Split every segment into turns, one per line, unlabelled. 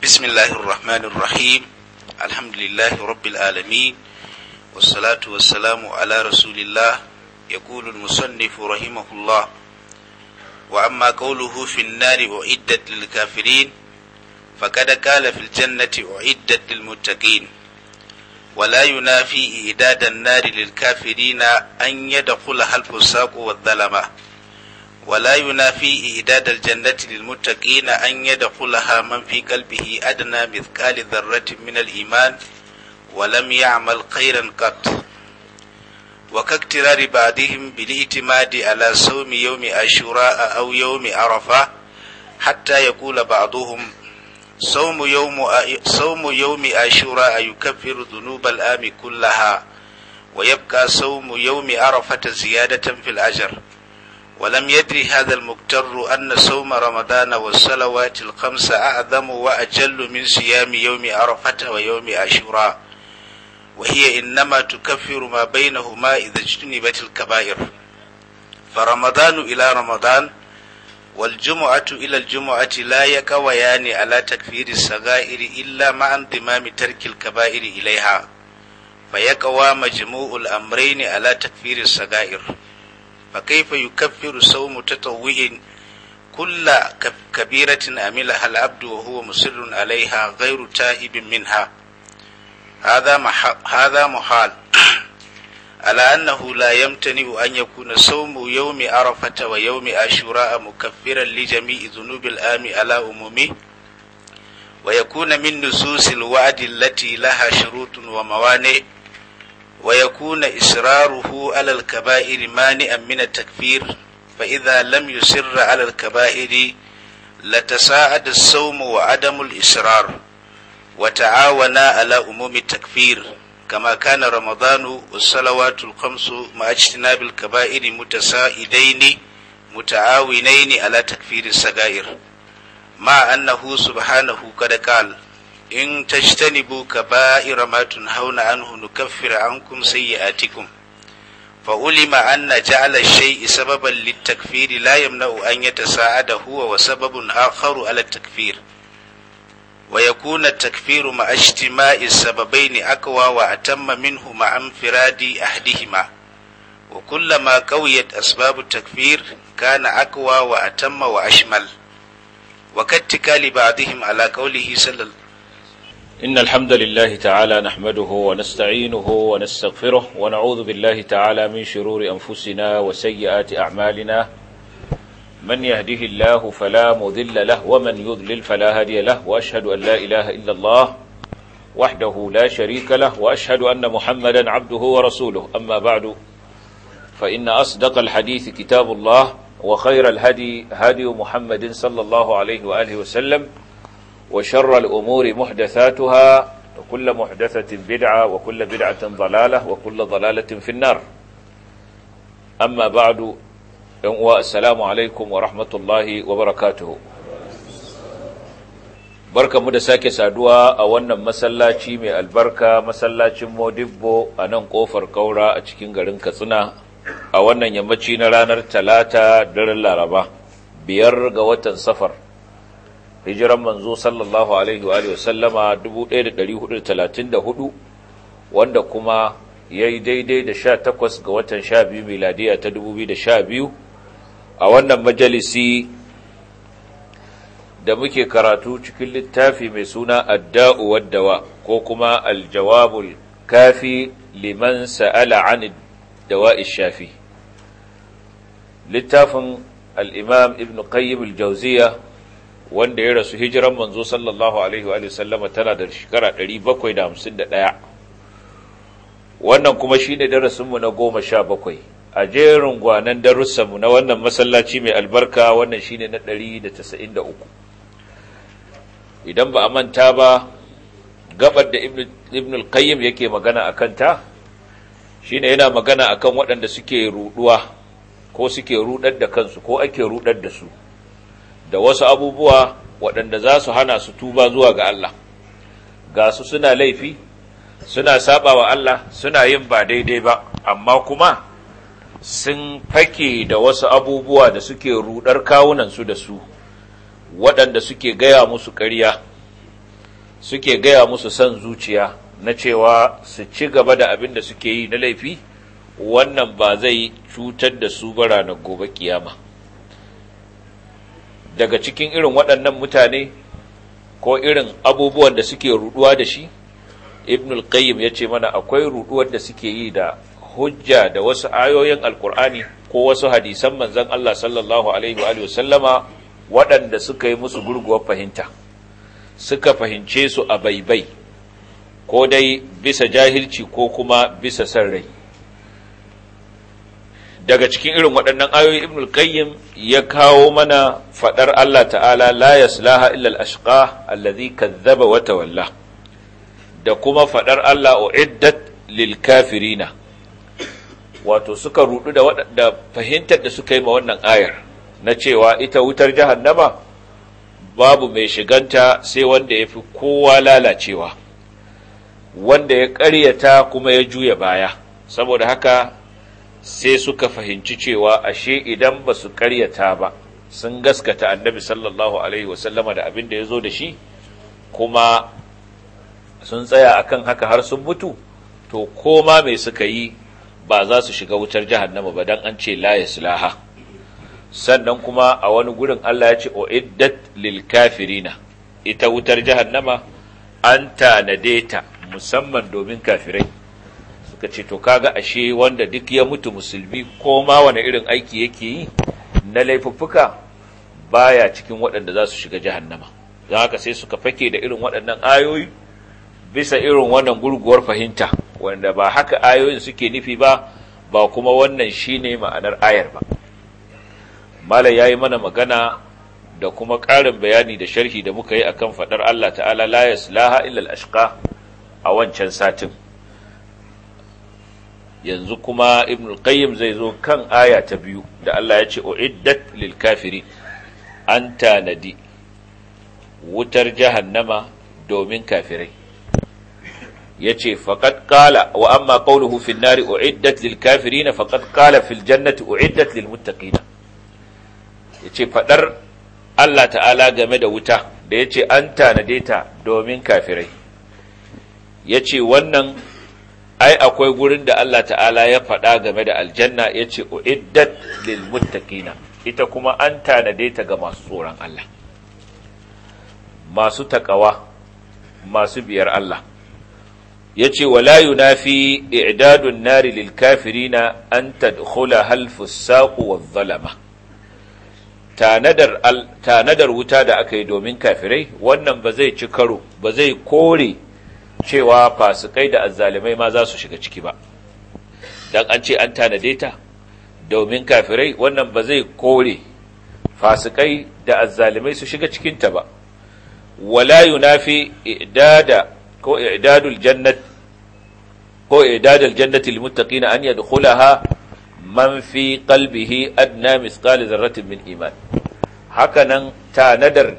بسم الله الرحمن الرحيم الحمد لله رب العالمين والصلاة والسلام على رسول الله يقول المصنف رحمه الله وأما قوله في النار أعدت للكافرين فقد قال في الجنة أعدت للمتقين ولا ينافي إعداد النار للكافرين أن يدخلها الفساق والظلمة ولا ينافي إعداد الجنة للمتقين أن يدخلها من في قلبه أدنى مثقال ذرة من الإيمان ولم يعمل خيرا قط وكاقترار بعضهم بالاعتماد على صوم يوم أشوراء أو يوم عرفة حتى يقول بعضهم صوم يوم صوم يوم أشوراء يكفر ذنوب الآم كلها ويبقى صوم يوم عرفة زيادة في الأجر ولم يدري هذا المكتر أن صوم رمضان والصلوات الخمس أعظم وأجل من صيام يوم عرفة ويوم عاشوراء وهي إنما تكفر ما بينهما إذا اجتنبت الكبائر فرمضان إلى رمضان والجمعة إلى الجمعة لا يكويان على تكفير الصغائر إلا مع انضمام ترك الكبائر إليها فيكوى مجموع الأمرين على تكفير الصغائر فكيف يكفر صوم تطوع كل كبيرة عملها العبد وهو مصر عليها غير تائب منها هذا محال هذا محال على أنه لا يمتنع أن يكون صوم يوم عرفة ويوم عاشوراء مكفرا لجميع ذنوب الآم على أمومه ويكون من نصوص الوعد التي لها شروط وموانئ ويكون إصراره على الكبائر مانعا من التكفير فإذا لم يسر على الكبائر لتساعد الصوم وعدم الإصرار وتعاونا على أموم التكفير كما كان رمضان والصلوات الخمس مع اجتناب الكبائر متسائدين متعاونين على تكفير السجائر مع أنه سبحانه قد قال إن تجتنبوا كبائر ما تنهون عنه نكفر عنكم سيئاتكم فعلم أن جعل الشيء سببا للتكفير لا يمنع أن يتساعد هو وسبب آخر على التكفير ويكون التكفير مع اجتماع السببين أقوى وأتم منه مع انفراد أحدهما وكلما قويت أسباب التكفير كان أقوى وأتم وأشمل وكاتكال بعضهم على قوله صلى الله عليه وسلم
إن الحمد لله تعالى نحمده ونستعينه ونستغفره ونعوذ بالله تعالى من شرور أنفسنا وسيئات أعمالنا من يهده الله فلا مذل له ومن يذلل فلا هادي له وأشهد أن لا إله إلا الله وحده لا شريك له وأشهد أن محمدا عبده ورسوله أما بعد فإن أصدق الحديث كتاب الله وخير الهدي هدي محمد صلى الله عليه وآله وسلم وشر الأمور محدثاتها وكل محدثة بدعة وكل بدعة ضلالة وكل ضلالة في النار أما بعد السلام عليكم ورحمة الله وبركاته barka mu da sake saduwa a wannan masallaci mai albarka masallacin modibbo a nan kofar kaura a cikin garin katsina a wannan yammaci na ranar talata daren laraba biyar ga watan safar hijiran manzo sallallahu alaihi wa alihi wasallama 1434 wanda kuma yayi daidai da 18 ga watan 12 miladiya ta 2012 a wannan majalisi da muke karatu cikin littafi mai suna adda'u waddawa ko kuma aljawabul kafi liman sa'ala an dawa'i shafi littafin al-imam ibn qayyim al-jawziyya wanda ya rasu hijiran manzo sallallahu alaihi wa sallama tana da shekara 751 wannan kuma shine darasinmu na goma sha 17 a jerin gwanan mu na wannan masallaci mai albarka wannan shine na 193 idan ba a manta ba gabar da ibn al-qayyim yake magana akan ta shine yana magana akan waɗanda suke ruɗuwa, ko suke ruɗar da kansu ko ake ruɗar da su da wasu abubuwa waɗanda za su hana su tuba zuwa ga Allah ga su suna laifi suna saba wa Allah suna yin ba daidai ba amma kuma sun fake da wasu abubuwa da suke rudar kawunansu da su waɗanda suke gaya musu ƙarya suke gaya musu son zuciya na cewa su ci gaba da abin da suke yi na laifi wannan ba zai cutar da su bara na gobe kiyama. daga cikin irin waɗannan mutane ko irin abubuwan da suke ruduwa da shi ibn al-qayyim yace mana akwai ruduwar da suke yi da hujja da wasu ayoyin alkur'ani ko wasu hadisan manzon Allah sallallahu alaihi wa sallama waɗanda suka yi musu gurguwar fahimta suka fahimce su a baibai ko dai bisa jahilci ko kuma bisa san rai daga cikin irin waɗannan ayoyi ibn al-qayyim ya kawo mana fadar Allah ta'ala la yaslaha illa al-ashqa alladhi kadhaba wa tawalla da kuma fadar Allah uiddat lil kafirina wato suka rudu da da fahimtar da suka yi ma wannan ayar na cewa ita wutar jahannama babu mai shiganta sai wanda ya fi kowa lalacewa wanda ya ƙaryata kuma ya juya baya saboda haka sai suka fahimci cewa ashe idan ba su karyata ba sun gaskata annabi sallallahu alaihi wasallama da abin da ya zo da shi kuma sun tsaya akan haka har sun mutu to koma mai suka yi ba za su shiga wutar jahannama ba dan an ce la yaslaha sannan kuma a wani gurin Allah ya ce o iddat lil kafirina ita wutar jahannama an tanade ta musamman domin kafirai Ka ce to kaga ashe wanda duk ya mutu musulmi ko ma wani irin aiki yake yi na laifuffuka baya cikin waɗanda za su shiga jahannama Za haka sai suka fake da irin waɗannan ayoyi bisa irin wannan gurguwar fahimta wanda ba haka ayoyin suke nufi ba ba kuma wannan shine ma'anar ayar ba malam yayi mana magana da kuma ƙarin bayani da sharhi da muka yi akan faɗar Allah ta'ala la yaslaha illa al a wancan satin yanzu kuma ibn qayyim zai zo kan aya ta biyu da Allah ya ce uiddat lil kafiri an tanadi wutar jahannama domin kafirai yace faqad qala wa amma qawluhu fil nari uiddat lil kafirin faqad qala fil jannati uiddat lil Ya ce faɗar Allah ta'ala game da wuta da yace an tanade ta domin kafirai yace wannan ai akwai gurin da Allah ta'ala ya faɗa game da aljanna ya ce uiddat lil muttaqina ita kuma an tanade ta ga masu tsoron Allah masu takawa masu biyar Allah ya ce wala yunafi i'dadun nari lil kafirina an tadkhula hal fusaq wa zalama tanadar wuta da aka yi domin kafirai wannan ba zai ci karo ba zai kore cewa fasikai da azzalimai ma za su shiga ciki ba dan an ce an tanade ta domin kafirai wannan ba zai kore fasikai da azzalimai su shiga cikinta ba wala yunafi idada ko idadul jannat ko idadul jannati an yadkhulaha man fi qalbihi adna mithqala dharratin min iman hakanan tanadar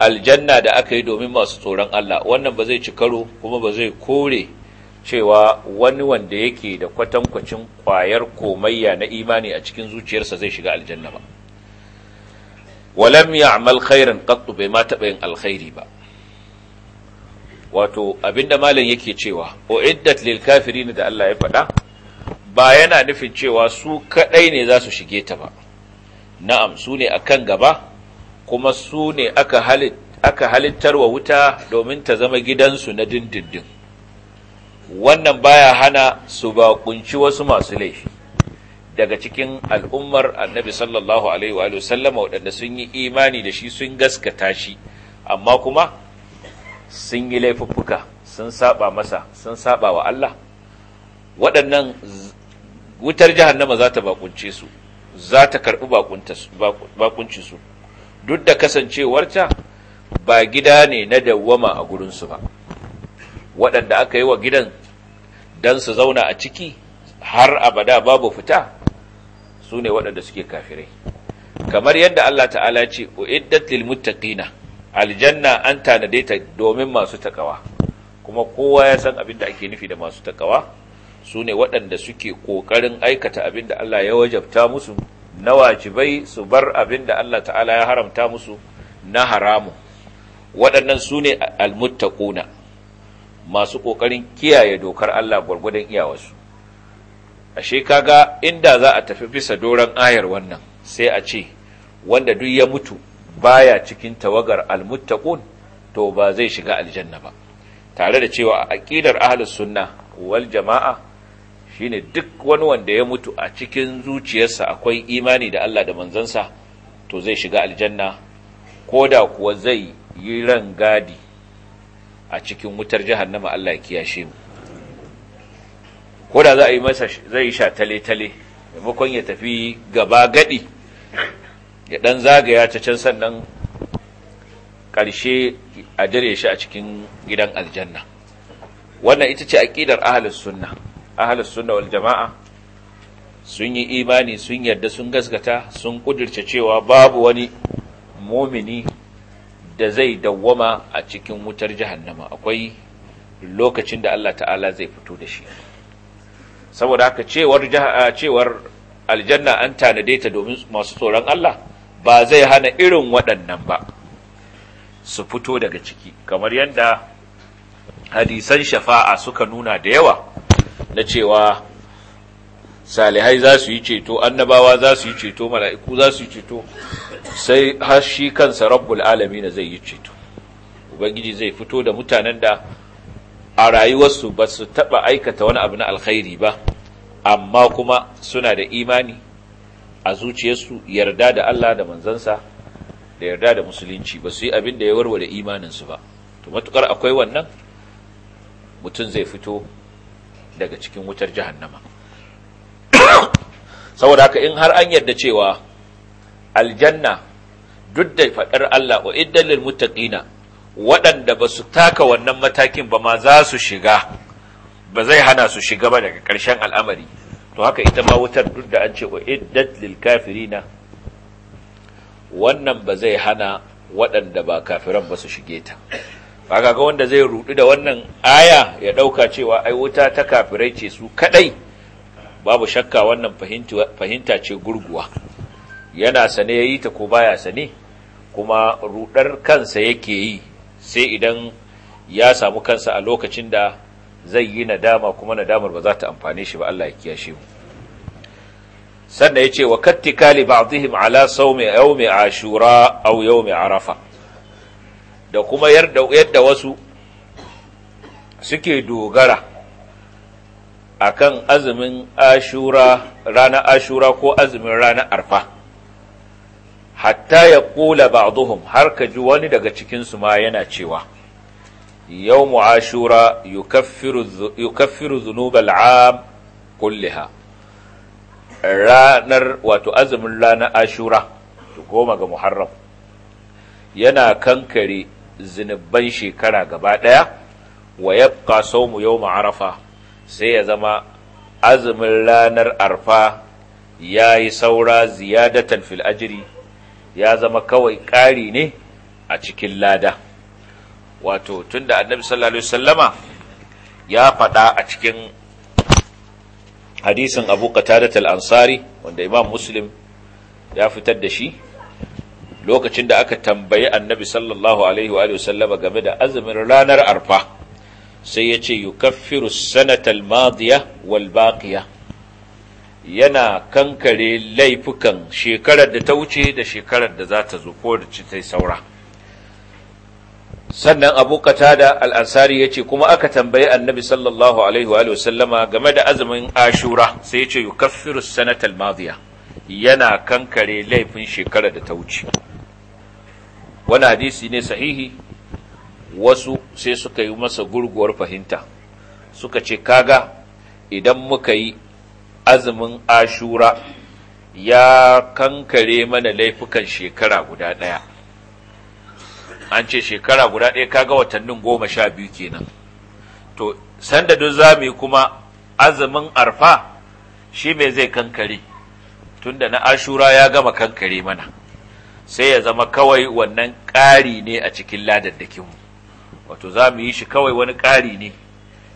aljanna da aka yi domin masu tsoron Allah wannan ba zai ci karo kuma ba zai kore cewa wani wanda yake da kwatankwacin kwayar komayya na imani a cikin zuciyarsa zai shiga aljanna ba walam ya'mal khairan qat bai ma taɓa alkhairi ba wato abinda malam yake cewa uiddat lil kafirin da Allah ya faɗa ba yana nufin cewa su kadai ne za su shige ta ba na'am su ne akan gaba kuma su ne aka halittar wa wuta domin ta zama gidansu na dindindin wannan baya hana su kunci wasu masu laifi daga cikin al'ummar annabi sallallahu alaihi wa sallama waɗanda sun yi imani da shi sun gaskata shi amma kuma sun yi laifuffuka sun saba masa sun saba wa Allah waɗannan wutar jahannama za ta bakunce su za ta karɓi bakuncinsu duk da kasancewarta ba gida ne na dawwama a gurinsu ba waɗanda aka yi wa gidan don su zauna a ciki har abada babu fita su ne waɗanda suke kafirai kamar yadda Allah ta'ala ce uiddat lil muttaqina aljanna an tanade ta domin masu takawa kuma kowa ya san abin da ake nufi da masu takawa su ne waɗanda suke ƙoƙarin aikata abin da Allah ya wajabta musu na wajibai su bar abin da Allah ta'ala ya haramta musu na haramu waɗannan su ne almuttaquna masu ƙoƙarin kiyaye dokar Allah gwargwadon iyawarsu ashe kaga inda za a tafi bisa doron ayar wannan sai a ce wanda duk ya mutu baya cikin tawagar almuttaqun to ba zai shiga aljanna ba tare da cewa a aqidar ahlus sunna wal jama'a shine duk wani wanda ya mutu a cikin zuciyarsa akwai imani da Allah da manzansa to zai shiga aljanna koda kuwa zai yi ran gadi a cikin wutar jahannama Allah ya kiyashe mu Koda za a yi masa zai yi sha tale-tale maimakon ya tafi gaba gadi ya dan zagaya ta can sannan karshe a dare shi a cikin gidan aljanna wannan ita ce aƙidar ahlus sunna ahlus sunna wal jama'a sun yi imani sun yarda sun gaskata sun kudirce cewa babu wani mumini da zai dawwama a cikin wutar jahannama akwai lokacin da Allah ta'ala zai fito da shi saboda haka cewar cewar aljanna an tanade ta domin masu tsoron Allah ba zai hana irin waɗannan ba su fito daga ciki kamar yadda hadisan shafa'a suka nuna da yawa na cewa salihai za su yi ceto annabawa za su yi ceto mala'iku za su yi ceto sai har shi kansa rabbul na zai yi ceto ubangiji zai fito da mutanen da a rayuwarsu ba su taɓa aikata wani abu na alkhairi ba amma kuma suna da imani a zuciyarsu yarda da Allah da manzansa da yarda da musulunci ba su yi abin da ya warware imaninsu ba to matukar akwai wannan mutum zai fito daga cikin wutar jahannama saboda haka in har an yarda cewa aljanna duk da faɗar Allah wa iddalil muttaqina waɗanda ba su taka wannan matakin ba ma za su shiga ba zai hana su shiga ba daga ƙarshen al'amari to haka ita ma wutar duk da an ce wa iddat kafirina wannan ba zai hana waɗanda ba kafiran ba su shige ta ba kaga wanda zai rudu da wannan aya ya dauka cewa ai wuta ta kafirai ce su kadai babu shakka wannan fahimta ce gurguwa yana sane yayi ta ko baya sane kuma rudar kansa yake yi sai idan ya samu kansa a lokacin da zai yi nadama kuma nadamar ba za ta amfane shi ba Allah ya kiyashe mu sannan yace wa kattikali ba'dihim ala sawmi yawmi ashura aw yawmi arafa da kuma yadda wasu suke dogara akan azumin ashura ranar ashura ko azumin ranar arfa hatta ya kula ba'duhum har ka ji wani daga cikinsu ma yana cewa mu ashura yukaffiru zunubal am kulliha ranar wato azumin ranar ashura goma ga muharram yana kankare zinubban shekara gaba ɗaya wa yabqa mu yau arafa sai ya zama azumin ranar arfa ya yi saura ziyadatan fil ajiri ya zama kawai ƙari ne a cikin lada wato tun da annabi sallallahu Sallama ya faɗa a cikin hadisin abu qatadat ansari wanda imam muslim ya fitar da shi lokacin da aka tambayi annabi sallallahu alaihi wa sallama game da azumin ranar arfa sai ya ce yukaffiru sanatal madiya wal baqiya yana kankare laifukan shekarar da ta wuce da shekarar da za ta zo ko da ci tai saura sannan abu da al'ansari ya ce kuma aka tambayi annabi sallallahu alaihi wa sallama game da azumin ashura sai ya ce yukaffiru sanatal madiya yana kankare laifin shekara da ta wuce wani hadisi ne sahihi wasu sai suka yi masa gurguwar fahimta suka ce kaga idan muka yi azumin ashura ya kankare mana laifukan shekara guda ɗaya an ce shekara guda ɗaya kaga watannin goma sha biyu kenan to sanda duk za mu yi kuma azumin arfa shi mai zai kankare tunda na ashura ya gama kankare mana sai ya zama kawai wannan ƙari ne a cikin ladaddakinmu wato za mu yi shi kawai wani ƙari ne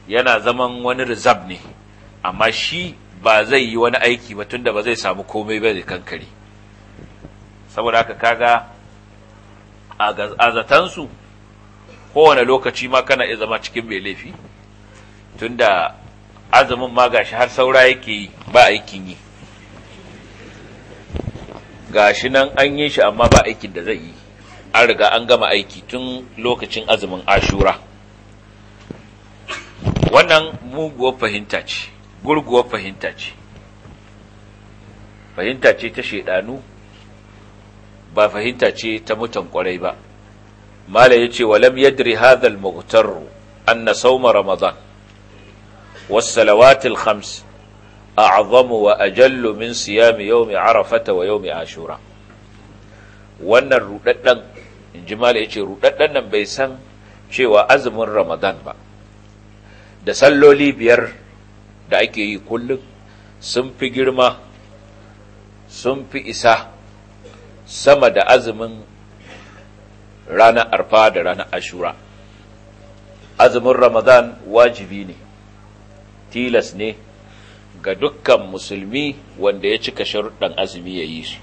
yana zaman wani rizab ne amma shi ba zai yi wani aiki ba tunda ba zai samu komai ba zai kankare saboda haka kaga a zatansu kowane lokaci ma kana iya zama cikin mai laifi tunda azumin ma gashi har saura yake yi ba aikin yi gashi nan an yi shi amma ba aikin da zai yi an riga an gama aiki tun lokacin azumin ashura wannan muguwar fahimta ce gurguwar fahimta ce fahimta ce ta shaidanu ba fahimta ce ta mutan kwarai ba mala ya ce walam yadri hadhal al-mughtar anna sawma ramadan was salawatil khams a'zamu wa ajallu min siyami yawmi arafata wa yawmi ashura wannan rudaddan jimal yace rudaddan nan bai san cewa azumin ramadan ba da salloli biyar da ake yi kullum sun fi girma sun fi isa sama da azumin ranar arfa da ranar ashura azumin ramadan wajibi ne tilas ne ga dukkan musulmi wanda ya cika sharuɗan azumi ya yi shi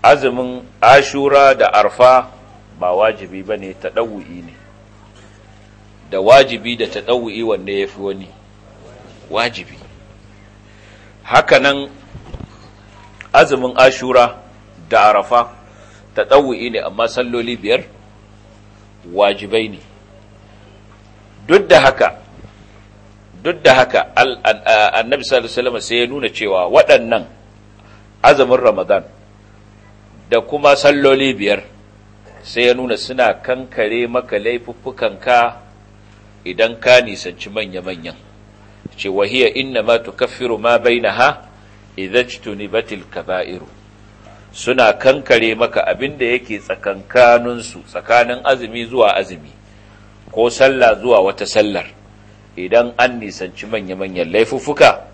azumin ashura da arfa ba wajibi ba ne taɗawu'i ne da wajibi da taɗawu'i wanda ya fi wani wajibi hakanan azumin ashura da arafa taɗawu'i ne amma salloli biyar wajibai ne duk da haka duk da haka annabi sallallahu alaihi sai ya nuna cewa waɗannan azumin ramadan da kuma salloli biyar sai ya nuna suna kankare maka ka idan ka nisanci manya-manyan ce wahiya inna ma tukaffiru ma bainaha idza batil kaba'iru suna kankare maka abin da yake tsakankaninsu tsakanin azumi zuwa azumi ko sallah zuwa wata sallar idan an nisanci manya-manyan laifuffuka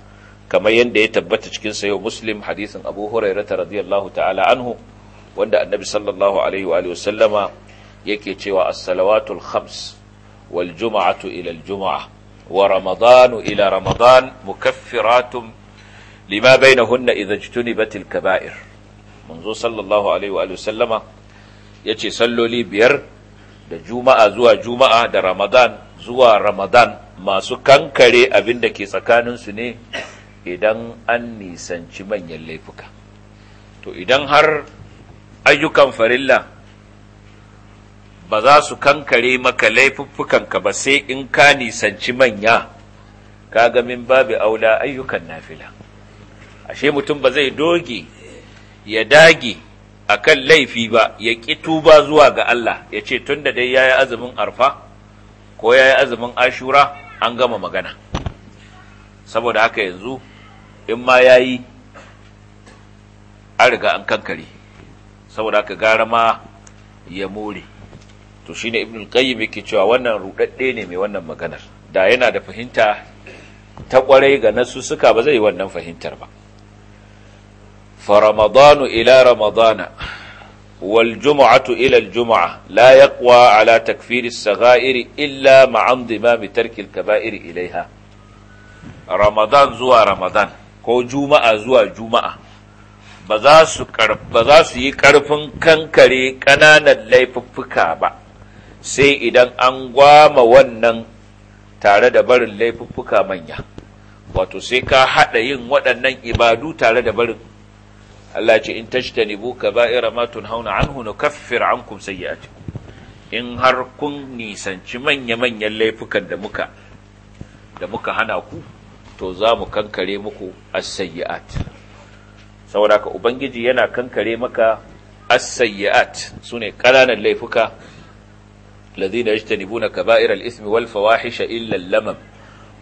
kamar yadda ya tabbata cikin sayo muslim hadisin abu hurairata radiyallahu ta'ala anhu wanda annabi sallallahu alaihi wa sallama yake cewa as-salawatul khams wal juma'atu ila al juma'a wa ramadanu ila ramadan mukaffiratun lima bainahunna idza jtunibatil kaba'ir manzo sallallahu alaihi wa sallama yace salloli biyar da juma'a zuwa juma'a da ramadan zuwa ramadan masu kankare abin da ke tsakaninsu ne idan an nisanci manyan laifuka to idan har ayyukan farilla ba za su kankare maka laifuffukanka ba sai in ka nisanci manya ka min babu aula ayyukan nafila ashe mutum ba zai doge ya dage akan laifi ba ya ƙi tuba zuwa ga Allah ya ce tun da dai ya yi azumin arfa ko ya yi azumin ashura an gama magana saboda haka yanzu in ma ya yi an riga an kankare saboda haka gara ma ya more to shi ne ibn qayyim yake cewa wannan rudadde ne mai wannan maganar da yana da fahimta ta kwarai ga nasu suka ba zai yi wannan fahimtar ba fa ramadanu ila ramadana والجمعة إلى الجمعة لا يقوى على تكفير الصغائر إلا مع انضمام ترك الكبائر إليها رمضان zuwa رمضان كو جمعة زوى جمعة ba za su yi ƙarfin kankare ƙananan laifuffuka ba sai idan an gwama wannan tare da barin laifuffuka manya wato sai ka haɗa yin waɗannan ibadu tare da barin Allah ce in tajtanibu kaba'ira ma tunhauna anhu nukaffir ankum sayyi'atikum in har kun nisanci manya-manyan laifukan da muka da muka hana ku to za mu kankare muku as-sayyi'at saboda ka ubangiji yana kankare maka as-sayyi'at sune ƙananan laifuka ladina yajtanibuna kaba'iral ismi wal fawahisha illa lamam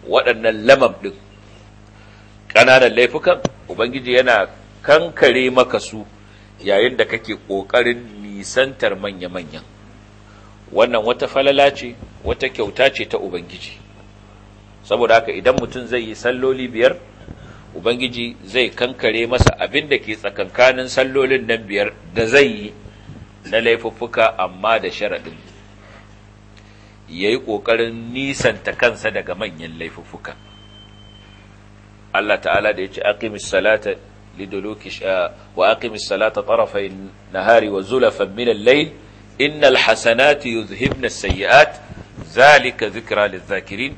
waɗannan lamam din laifukan ubangiji yana kankare maka su yayin da kake ƙoƙarin nisantar manya-manyan wannan wata falala ce wata kyauta ce ta ubangiji saboda haka idan mutum zai yi salloli biyar ubangiji zai kankare masa abin da ke tsakankanin sallolin nan biyar da zai yi na laifuffuka amma da sharaɗin ya yi ƙoƙarin nisanta kansa daga manyan laifuffuka Allah ta'ala da ya ce aqimis salata liduluki wa aqimis salata tarafay nahari wa zulafan min al-layl innal hasanati yuzhibna as-sayyi'at zalika dhikra lidh-dhakirin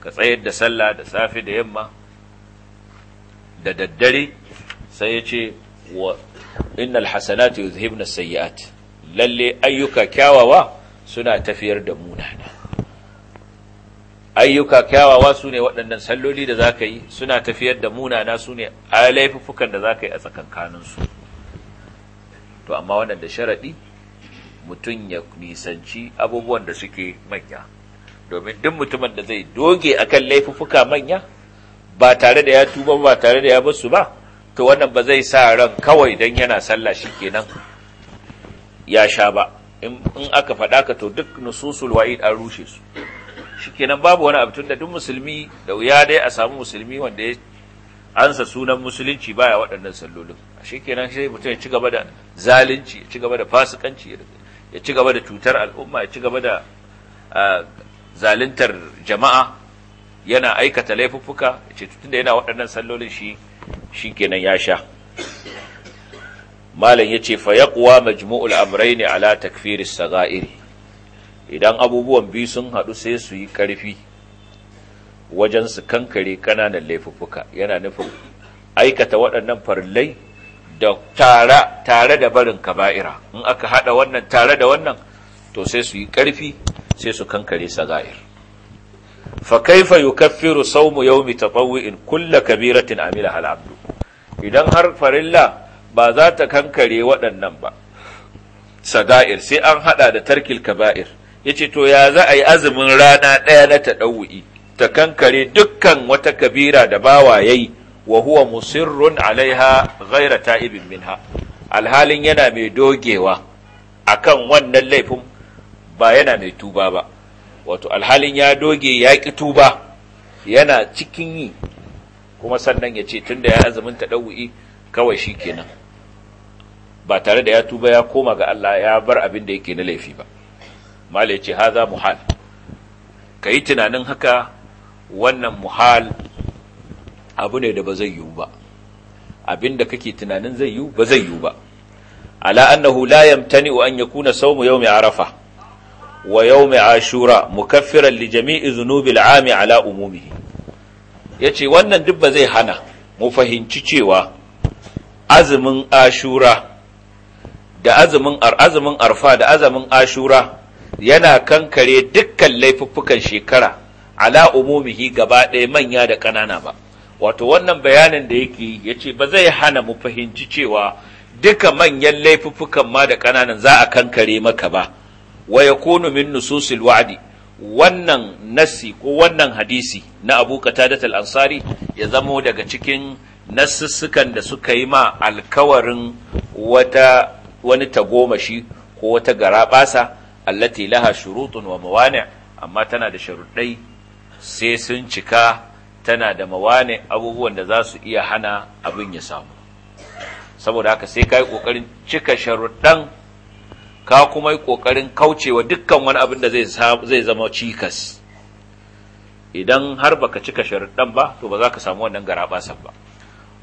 ka tsayar da sallah da safe da yamma da daddare sai ya ce wa innal hasanati yuzhibna as-sayyi'at lalle ayyuka kyawawa suna tafiyar da munana ayyuka kyawawa su ne waɗannan salloli da za ka yi suna tafiyar da munana su ne a laifuffukan da za ka yi a tsakankaninsu to amma wannan da sharaɗi mutum ya nisanci abubuwan da suke manya domin duk mutumin da zai doge a kan laifuffuka manya ba tare da ya tuba ba tare da ya basu ba to wannan ba zai sa ran kawai don yana sallah kenan ya sha ba in aka faɗa ka to duk nususul wa'id an rushe su shikenan babu wani abu tunda duk musulmi da wuya dai a samu musulmi wanda ya ansa sunan musulunci baya waɗannan sallolin shikenan sai mutum ya ci gaba da zalunci ya ci gaba da fasikanci ya ci gaba da cutar al'umma ya ci gaba da zaluntar jama'a yana aikata laifuffuka ya ce tunda yana waɗannan sallolin shi shi shikenan ya sha malam ya yace fa yaqwa majmu'ul amrayni ala takfiris sagairi idan abubuwan biyu sun haɗu sai su yi ƙarfi wajen su kankare ƙananan laifuffuka yana nufin aikata waɗannan farillai da tare tare da barin kaba'ira in aka haɗa wannan tare da wannan to sai su yi ƙarfi sai su kankare saga'ir fa kaifa yukaffiru sawmu yawmi tatawwi'in kullu kabiratin amila hal abdu idan har farilla ba za ta kankare waɗannan ba saga'ir sai an haɗa da tarkil kaba'ir yace to ya za a yi azumin rana ɗaya na taɗawu'i ta kankare dukkan wata kabira da bawa yi wa huwa musirrun alaiha ghaira Ibin minha alhalin yana mai dogewa kan wannan laifin ba yana mai tuba ba wato alhalin ya doge ya ƙi tuba yana cikin yi kuma sannan ya ce tun da ya azumin taɗawu'i kawai shi kenan ba tare da ya tuba ya koma ga Allah ya bar abin da yake na laifi ba mala yace haza muhal yi tunanin haka wannan muhal abu ne da ba zai yiwu ba abinda kake tunanin zai yiwu ba zai yiwu ba ala annahu la yamtani an yakuna sawmu yawmi arafa wa mai ashura mukaffiran li jami'i dhunubil al'ami ala Ya yace wannan duk ba zai hana mu fahimci cewa azumin ashura da azumin arfa da azumin ashura yana kankare dukkan laifuffukan shekara ala umumihi gaba ɗaya manya da ƙanana ba wato wannan bayanin da yake ya ce ba zai hana mu fahimci cewa duka manyan laifuffukan ma da ƙananan za a kankare maka ba wa ya kunu min nususil wa'adi wannan nasi ko wannan hadisi na abu qatadat al-ansari ya zamo daga cikin nassukan da suka yi ma alkawarin wata wani tagomashi ko wata garaɓasa allati laha shurutun wa mawani amma tana da sharuɗai sai sun cika tana da mawani abubuwan da za su iya hana abin ya samu saboda haka sai ka yi ƙoƙarin cika sharuɗan ka kuma yi ƙoƙarin kaucewa dukkan wani abin da zai zama cikas idan har baka cika sharuɗan ba to ba za ka samu wannan garaɓasan ba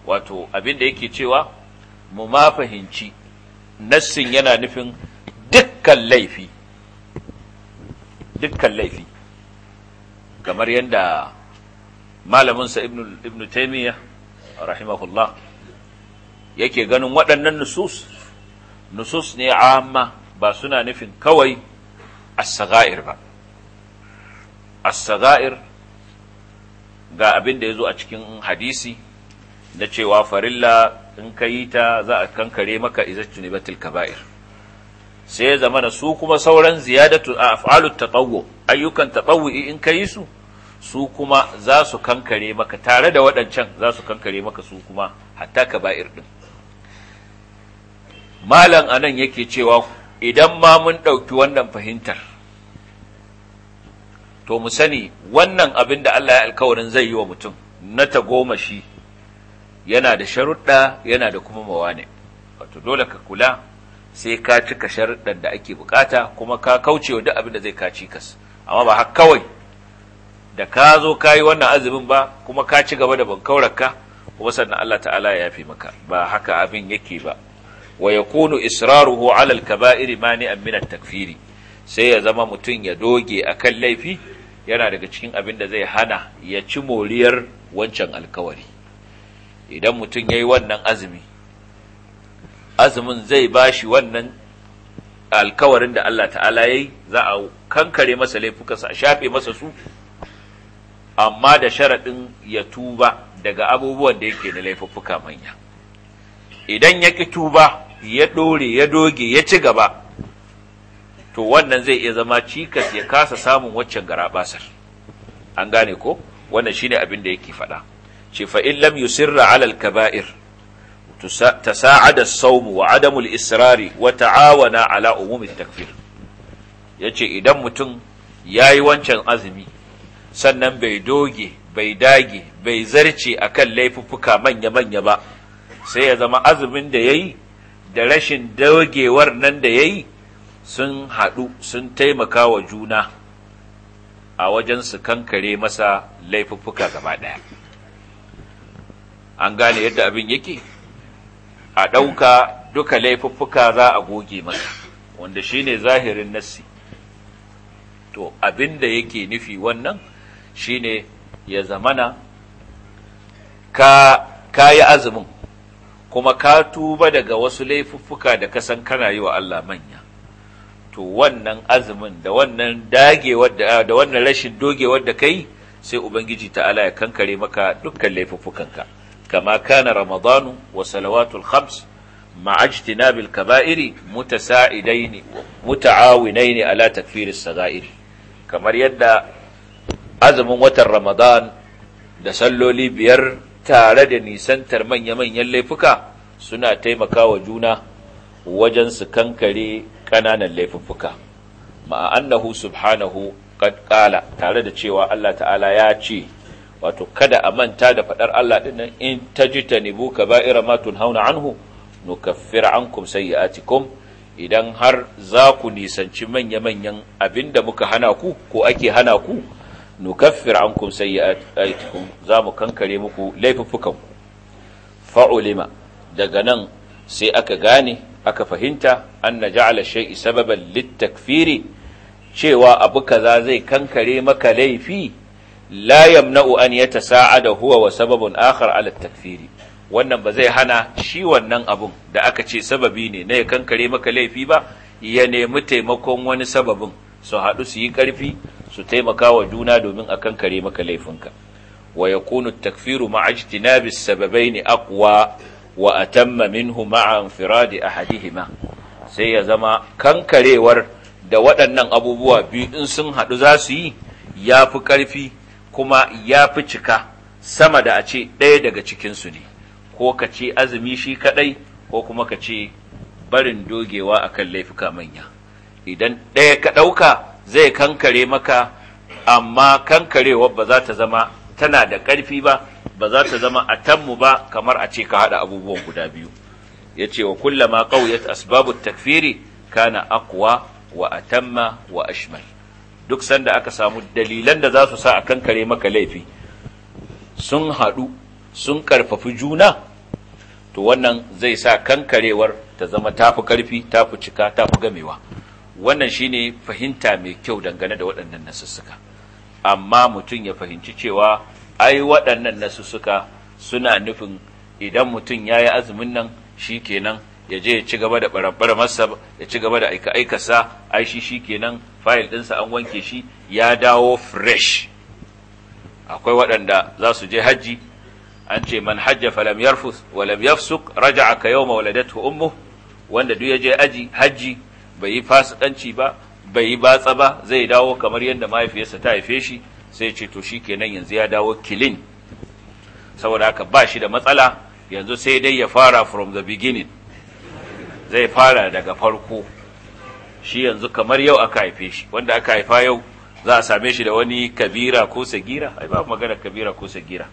wato abin da yake cewa mu ma fahimci nassin yana nufin dukkan laifi dukkan laifi kamar yadda malaminsa ibn taimiyya rahimahullah yake ganin waɗannan nusus nusus ne amma ba suna nufin kawai as-sagha'ir ba as-sagha'ir ga abin da ya zo a cikin hadisi na cewa farilla in ka yi ta za a kankare maka izattu ne batil kaba'ir sai ya zamana su kuma sauran ziyadatu a af'alut tatawwu ayyukan tatawwi in ka yi su su kuma za su kankare maka tare da waɗancan za su kankare maka su kuma hatta ka ba'ir din malam anan yake cewa idan ma mun ɗauki wannan fahimtar to mu sani wannan abin da Allah ya alkawarin zai yi wa mutum na shi, yana da sharuɗa yana da kuma mawane wato dole ka kula sai ka ci cika sharuɗan da ake bukata kuma ka kaucewa duk abin da zai ka cikas amma ba haka kawai da ka zo ka yi wannan azumin ba kuma ka ci gaba da bankaurarka kuma sannan Allah ta'ala ya yafe maka ba haka abin yake ba wa yakunu israruhu alal kaba'iri an min at-takfiri sai ya zama mutum ya doge akan laifi yana daga cikin abin da zai hana ya ci moriyar wancan alkawari idan mutum yayi wannan azumi azumin zai bashi wannan alkawarin da Allah ta'ala yi za a kankare masa laifukansa a shafe masa su amma da sharaɗin ya tuba daga abubuwan da yake da laifuffuka manya idan ya ki tuba ya ɗore ya doge ya ci gaba to wannan zai iya zama cikas ya kasa samun waccan garaɓasar an gane ko wannan shine abin da yake faɗa ce fa in lam yusirra alal kaba'ir تساعد الصوم وعدم الإسرار وتعاون على أموم التكفير yace idan mutum ya yi wancan azumi sannan bai doge bai dage bai zarce akan laifuffuka manya-manya ba sai ya zama azumin da ya yi da rashin dogewar nan da ya yi sun haɗu sun taimaka wa juna a wajen su kankare masa laifuffuka gaba ɗaya an gane yadda abin yake a ɗauka duka laifuffuka za a goge masa wanda shi ne zahirin nassi to abin da yake nufi wannan shi ne ya zamana ka yi azumin kuma ka tuba daga wasu laifuffuka da kasan kana yi wa Allah manya to wannan azumin da wannan dagewar da wannan rashin dogewar da kai sai ubangiji ta'ala ya kankare maka dukkan laifuffukanka كما كان رمضان وصلوات الخمس مع اجتناب الكبائر متساعدين متعاونين على تكفير الصغائر كما يدى azumin watan Ramadan da salloli biyar tare da nisantar manya-manyan laifuka suna taimakawa juna wajen su kankare ƙananan laifuffuka ma'a annahu subhanahu qad tare da cewa Allah ta'ala ya ce wato kada a manta da faɗar Allah ɗin nan in tajtanibu kaba'ira ma tunhauna anhu nukaffir ankum sayyi'atikum idan har za ku nisanci manya-manyan abinda muka hana ku ko ake hana ku nukaffir ankum sayyi'atikum za mu kankare muku laifuffukan ku fa'ulima daga nan sai aka gane aka fahimta an na ja'ala shay'i sababan littakfiri cewa abu kaza zai kankare maka laifi لا يمنع أن يتساعد huwa wa آخر akhar ala wannan ba zai hana shi wannan abun da aka ce sababi ne na ya kankare maka laifi ba ya nemi taimakon wani sababin su haɗu su yi ƙarfi su taimaka wa juna domin a kankare maka laifinka wa kunu takfiru ma'a sababai sababaini aqwa wa atamma minhu ma'a infiradi ahadihima sai ya zama kankarewar da waɗannan abubuwa biyu in sun haɗu za su yi ya fi ƙarfi kuma ya fi cika sama da a ce ɗaya daga cikinsu ne ko ka ce azumi shi kaɗai ko kuma ka ce barin dogewa a kan laifuka manya idan ɗaya ka ɗauka zai kankare maka amma kankarewa ba za ta zama tana da ƙarfi ba ba za ta zama a tanmu ba kamar a ce ka haɗa abubuwan guda biyu ya ce wa kullama ƙauyat asbabu takfiri kana akwa wa atamma wa ashmal duk sanda aka samu dalilan da za su sa a kankare maka laifi sun haɗu sun ƙarfafi juna to wannan zai sa kankarewar ta zama tafi ƙarfi, tafi cika tafi gamewa wannan shine fahimta mai kyau dangane da waɗannan nasussuka amma mutum ya fahimci cewa ai waɗannan nasussuka suna nufin idan mutum ya yi azumin nan shi kenan ya je ya ci gaba da barabbar masa ya ci gaba da aika aikasa ai shi shikenan fayil ɗinsa an wanke shi ya dawo fresh akwai waɗanda za su je hajji an ce man hajja falam yarfus lam yafsuk raja'a ka yawma waladatu ummu wanda duk ya je aji hajji bai yi fasikanci ba bai yi batsa ba zai dawo kamar yadda mahaifiyarsa ta haife shi sai ce to shikenan yanzu ya dawo kilin saboda haka ba shi da matsala yanzu sai dai ya fara from the beginning zai fara daga farko shi yanzu kamar yau aka haife shi wanda aka haifa yau za a same shi da wani kabira ko sagira ai ba magana kabira ko sagira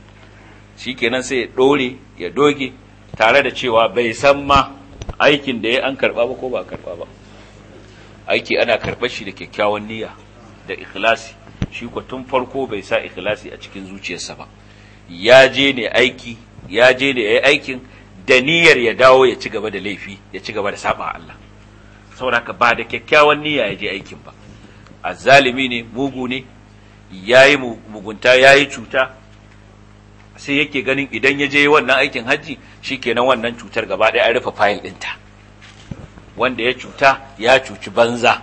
shikenan sai ya dore ya doge tare da cewa bai san ma aikin da ya an karba ba ko ba karba ba aiki ana karɓar shi da kyakkyawan niyya da ikhlasi shi ko tun farko bai sa ikhlasi a cikin zuciyarsa ba ya je ne aiki ya je ne yayi aikin da niyyar ya dawo ya ci gaba da laifi ya ci gaba da saba Allah saboda ba da kyakkyawan niyya ya je aikin ba azzalimi ne mugu ne yayi mugunta yayi cuta sai yake ganin idan ya je wannan aikin hajji shi shikenan wannan cutar gaba ɗaya an rufe fayil ɗinta wanda ya cuta ya cuci banza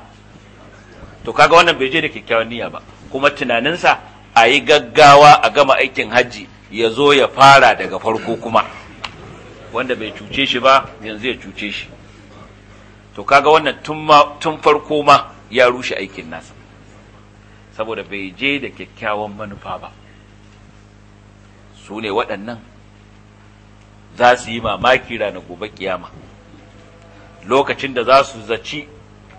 to kaga wannan bai je da kyakkyawan niyya ba kuma tunaninsa a yi gaggawa a gama aikin hajji ya zo ya fara daga farko kuma wanda bai cuce shi ba yanzu ya cuce shi to kaga wannan tun farko ma ya rushe aikin nasa saboda bai je da kyakkyawan manufa ba su ne waɗannan za su yi mamaki rana gobe kiyama lokacin da za su zaci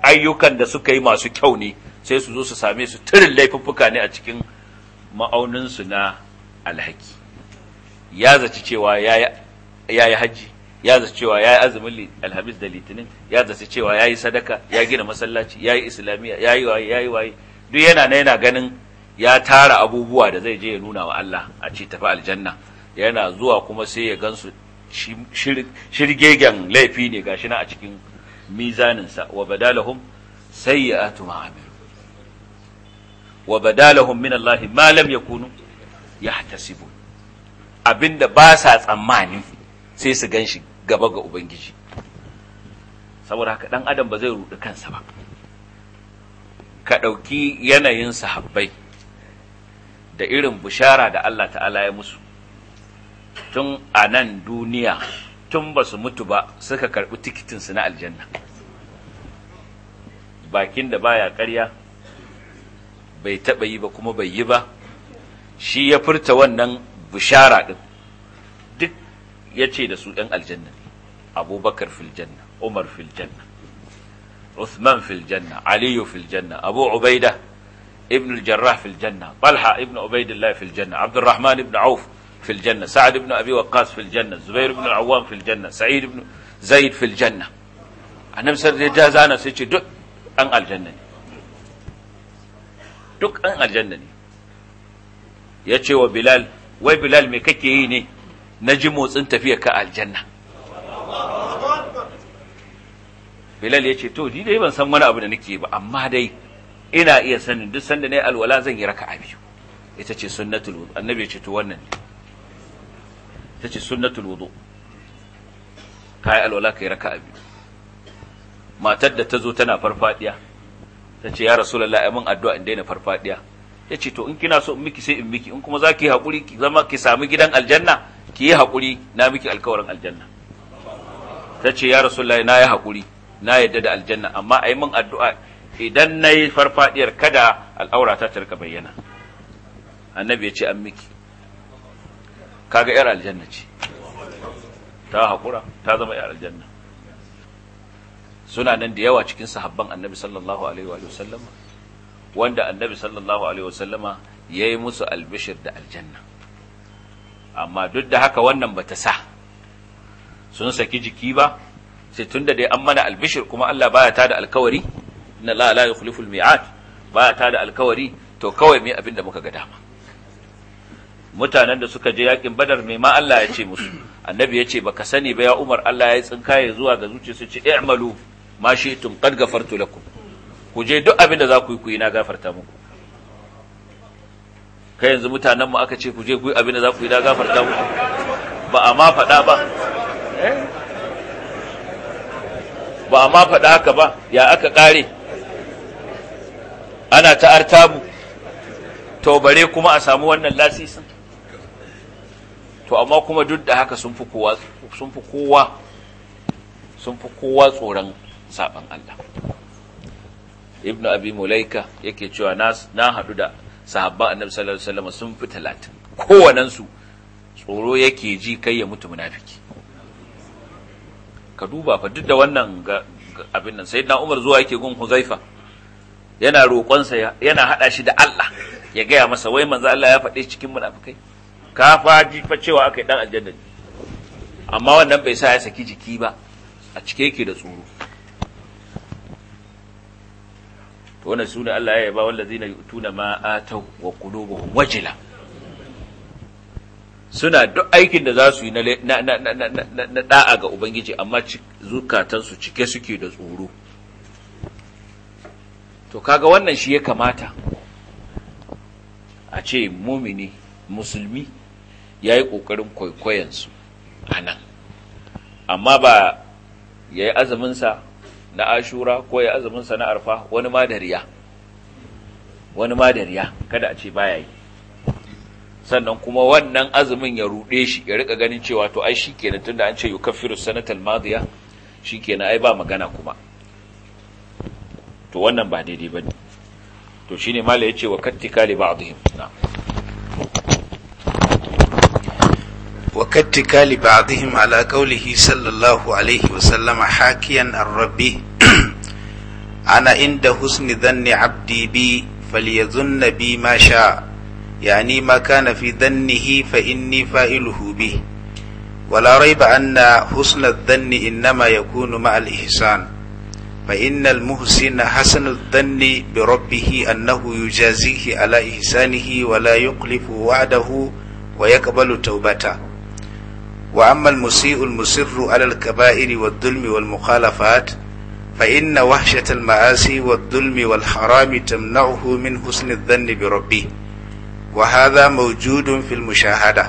ayyukan da suka yi masu kyau ne sai su zo su same su turin laifuffuka ne a cikin ma'auninsu na alhaki ya zaci cewa ya yi. ya yi hajji ya zace cewa ya yi azumin alhamis da litinin ya zasa cewa ya yi sadaka ya gina masallaci ya yi islamiyya ya yi waye ya yi waye duk yana na yana ganin ya tara abubuwa da zai je ya nuna wa Allah a ci tafi aljanna yana zuwa kuma sai ya gan su shirgegen laifi ne gashi na a cikin mizaninsa wa badalahum sayyi'atu ma amilu wa badalahum min Allah ma lam yakunu yahtasibun abinda ba sa tsammanin. sai su gan shi gaba ga ubangiji saboda haka ɗan adam ba zai ruɗi kansa ba ka ɗauki yanayin sahabbai da irin bushara da Allah ta'ala ya musu tun a nan duniya tun ba su mutu ba suka karɓi tikitinsu na aljanna bakin da baya karya bai taɓa yi ba kuma bai yi ba shi ya furta wannan bushara ɗin ya ce da su ɗan aljanna ne abubakar filjanna umar filjanna uthman filjanna aliyu filjanna abu ubaida ibn al-jarrah filjanna Balha ibn ubaidillah filjanna abdurrahman ibn auf filjanna sa'ad ibn abi waqqas filjanna zubair ibn al-awwam filjanna sa'id ibn zaid filjanna annabi sai ya zana sai ce duk an aljanna ne duk an aljanna ne yace wa bilal wai bilal me kake yi ne na ji motsin tafiya ka aljanna bilal ya ce to ni dai ban san wani abu da nake ba amma dai ina iya sanin duk sanda yi alwala zan yi raka'a biyu ita ce sunnatul wudu annabi ya ce to wannan ne ita ce sunnatul wudu yi alwala ka yi raka'a biyu matar da ta zo tana farfadiya ta ce ya rasulullahi mun addu'a in daina farfadiya ya ce to in kina so in miki sai in miki in kuma za ki haƙuri ki zama ki sami gidan aljanna ki yi haƙuri na miki alkawarin aljanna ta ce ya rasulullahi na yi haƙuri na yadda da aljanna amma a yi min addu'a idan na yi farfaɗiyar kada al'aurata ta rika bayyana annabi ya ce an miki kaga yar aljanna ce ta haƙura ta zama yar aljanna suna nan da yawa cikin sahabban annabi sallallahu alaihi wa sallama wanda annabi sallallahu alaihi wa sallama ya yi musu albishir da aljanna amma duk da haka wannan bata sa sun saki jiki ba sai tunda dai an mana albishir kuma Allah baya tada alkawari inna Allah la yukhlifu almi'ad baya tada alkawari to kawai mai abin da muka ga dama mutanen da suka je yakin badar mai ma Allah ya ce musu annabi ya ce baka sani ba ya Umar Allah ya tsinkaye zuwa ga zuci su ci i'malu ma shi'tum qad gafartu lakum ku je duk abinda za ku yi ku yi na gafarta muku kai yanzu mutanenmu aka ce ku je ku abinda abin da za ku yi da gafarta ku ba a ma ba ba a ma faɗa haka ba ya aka ƙare ana ta artabu to bare kuma a samu wannan lasisin to amma kuma duk da haka sun fi kowa sun fi kowa tsoron saban Allah ibnu abi mulaika yake cewa na haɗu da sahabban annabi sallallahu alaihi wasallam sun fi talatin su tsoro yake ji kai ya mutu munafiki ka duba fa duk da wannan abin nan sayyidina Umar zuwa yake gun Huzaifa yana roƙonsa yana hada shi da Allah ya gaya masa wai manzo Allah ya faɗi cikin munafikai ka fa ji fa cewa akai dan aljanna amma wannan bai sa ya saki jiki ba a cike yake da tsoro to wannan sune Allah ya yaba zina yutuna ma atau wa qulubuhum wajila suna duk aikin da za su yi na da'a ga ubangiji amma su cike suke da tsoro to kaga wannan shi ya kamata a ce mumini musulmi ya yi ƙoƙarin su a nan amma ba ya yi azuminsa na ashura ko ya azumin sa na arfa wani ma da riya wani ma da riya kada a ce baya yi sannan kuma wannan azumin ya rude shi ya rika ganin cewa to ai shikenan tunda an ce yukaffiru sanatal madiya shikenan ai ba magana kuma to wannan ba daidai bane to shine mala yace
wa kattika li ba'dihim na'am وكاتكال بعضهم على قوله صلى الله عليه وسلم حاكيا الربي ana inda husni zanni abdi bi falyazunna bi ma sha ya ni ma kana fi dhannihi fa inni fa'iluhu bi wala raiba anna husna dhanni innama yakunu ma al ihsan fa innal muhsina hasanu dhanni bi rabbihi annahu yujazihi ala ihsanihi wala yuqlifu wa'dahu wa yaqbalu ta'ubata? wa amma al musiu al musirru ala al kaba'iri wad dhulmi wal mukhalafat فإن وحشة المعاصي والظلم والحرام تمنعه من حسن الظن بربه وهذا موجود في المشاهدة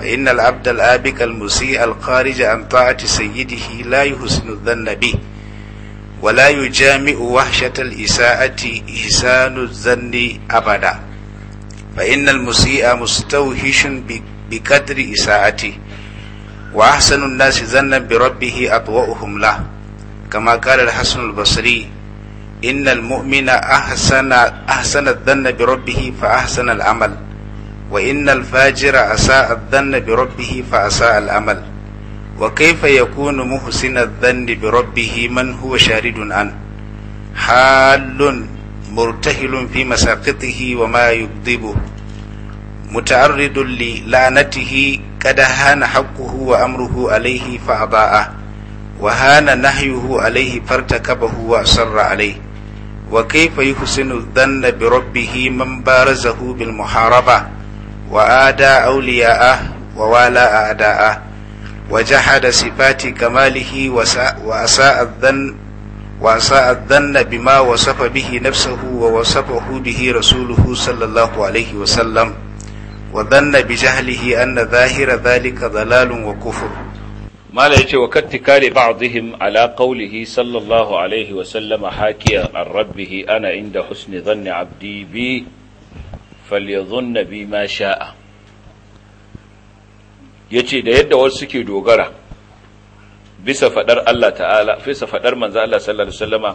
فإن العبد الآبك المسيء الخارج عن طاعة سيده لا يحسن الظن به ولا يجامع وحشة الإساءة إحسان الظن أبدا فإن المسيء مستوحش بقدر إساءته وأحسن الناس ظنا بربه أطوأهم له كما قال الحسن البصري إن المؤمن أحسن أحسن الظن بربه فأحسن العمل وإن الفاجر أساء الظن بربه فأساء العمل وكيف يكون محسن الظن بربه من هو شارد عنه حال مرتهل في مساقطه وما يكذبه متعرض للعنته قد هان حقه وأمره عليه فأضاءه وهان نهيه عليه فارتكبه وأصر عليه وكيف يحسن الظن بربه من بارزه بالمحاربة وآدى أولياءه ووالى أعداءه وجحد صفات كماله وأساء الظن وأساء الظن بما وصف به نفسه ووصفه به رسوله صلى الله عليه وسلم وظن بجهله أن ظاهر ذلك ضلال وكفر mala yace wa kattikari ba'dihim ala qawlihi
sallallahu alaihi wa sallama hakiya an rabbih ana inda husni dhanni abdi bi falyadhunna bi ma sha'a yace da yadda wasu suke dogara bisa fadar Allah ta'ala bisa fadar manzo Allah sallallahu alaihi wasallama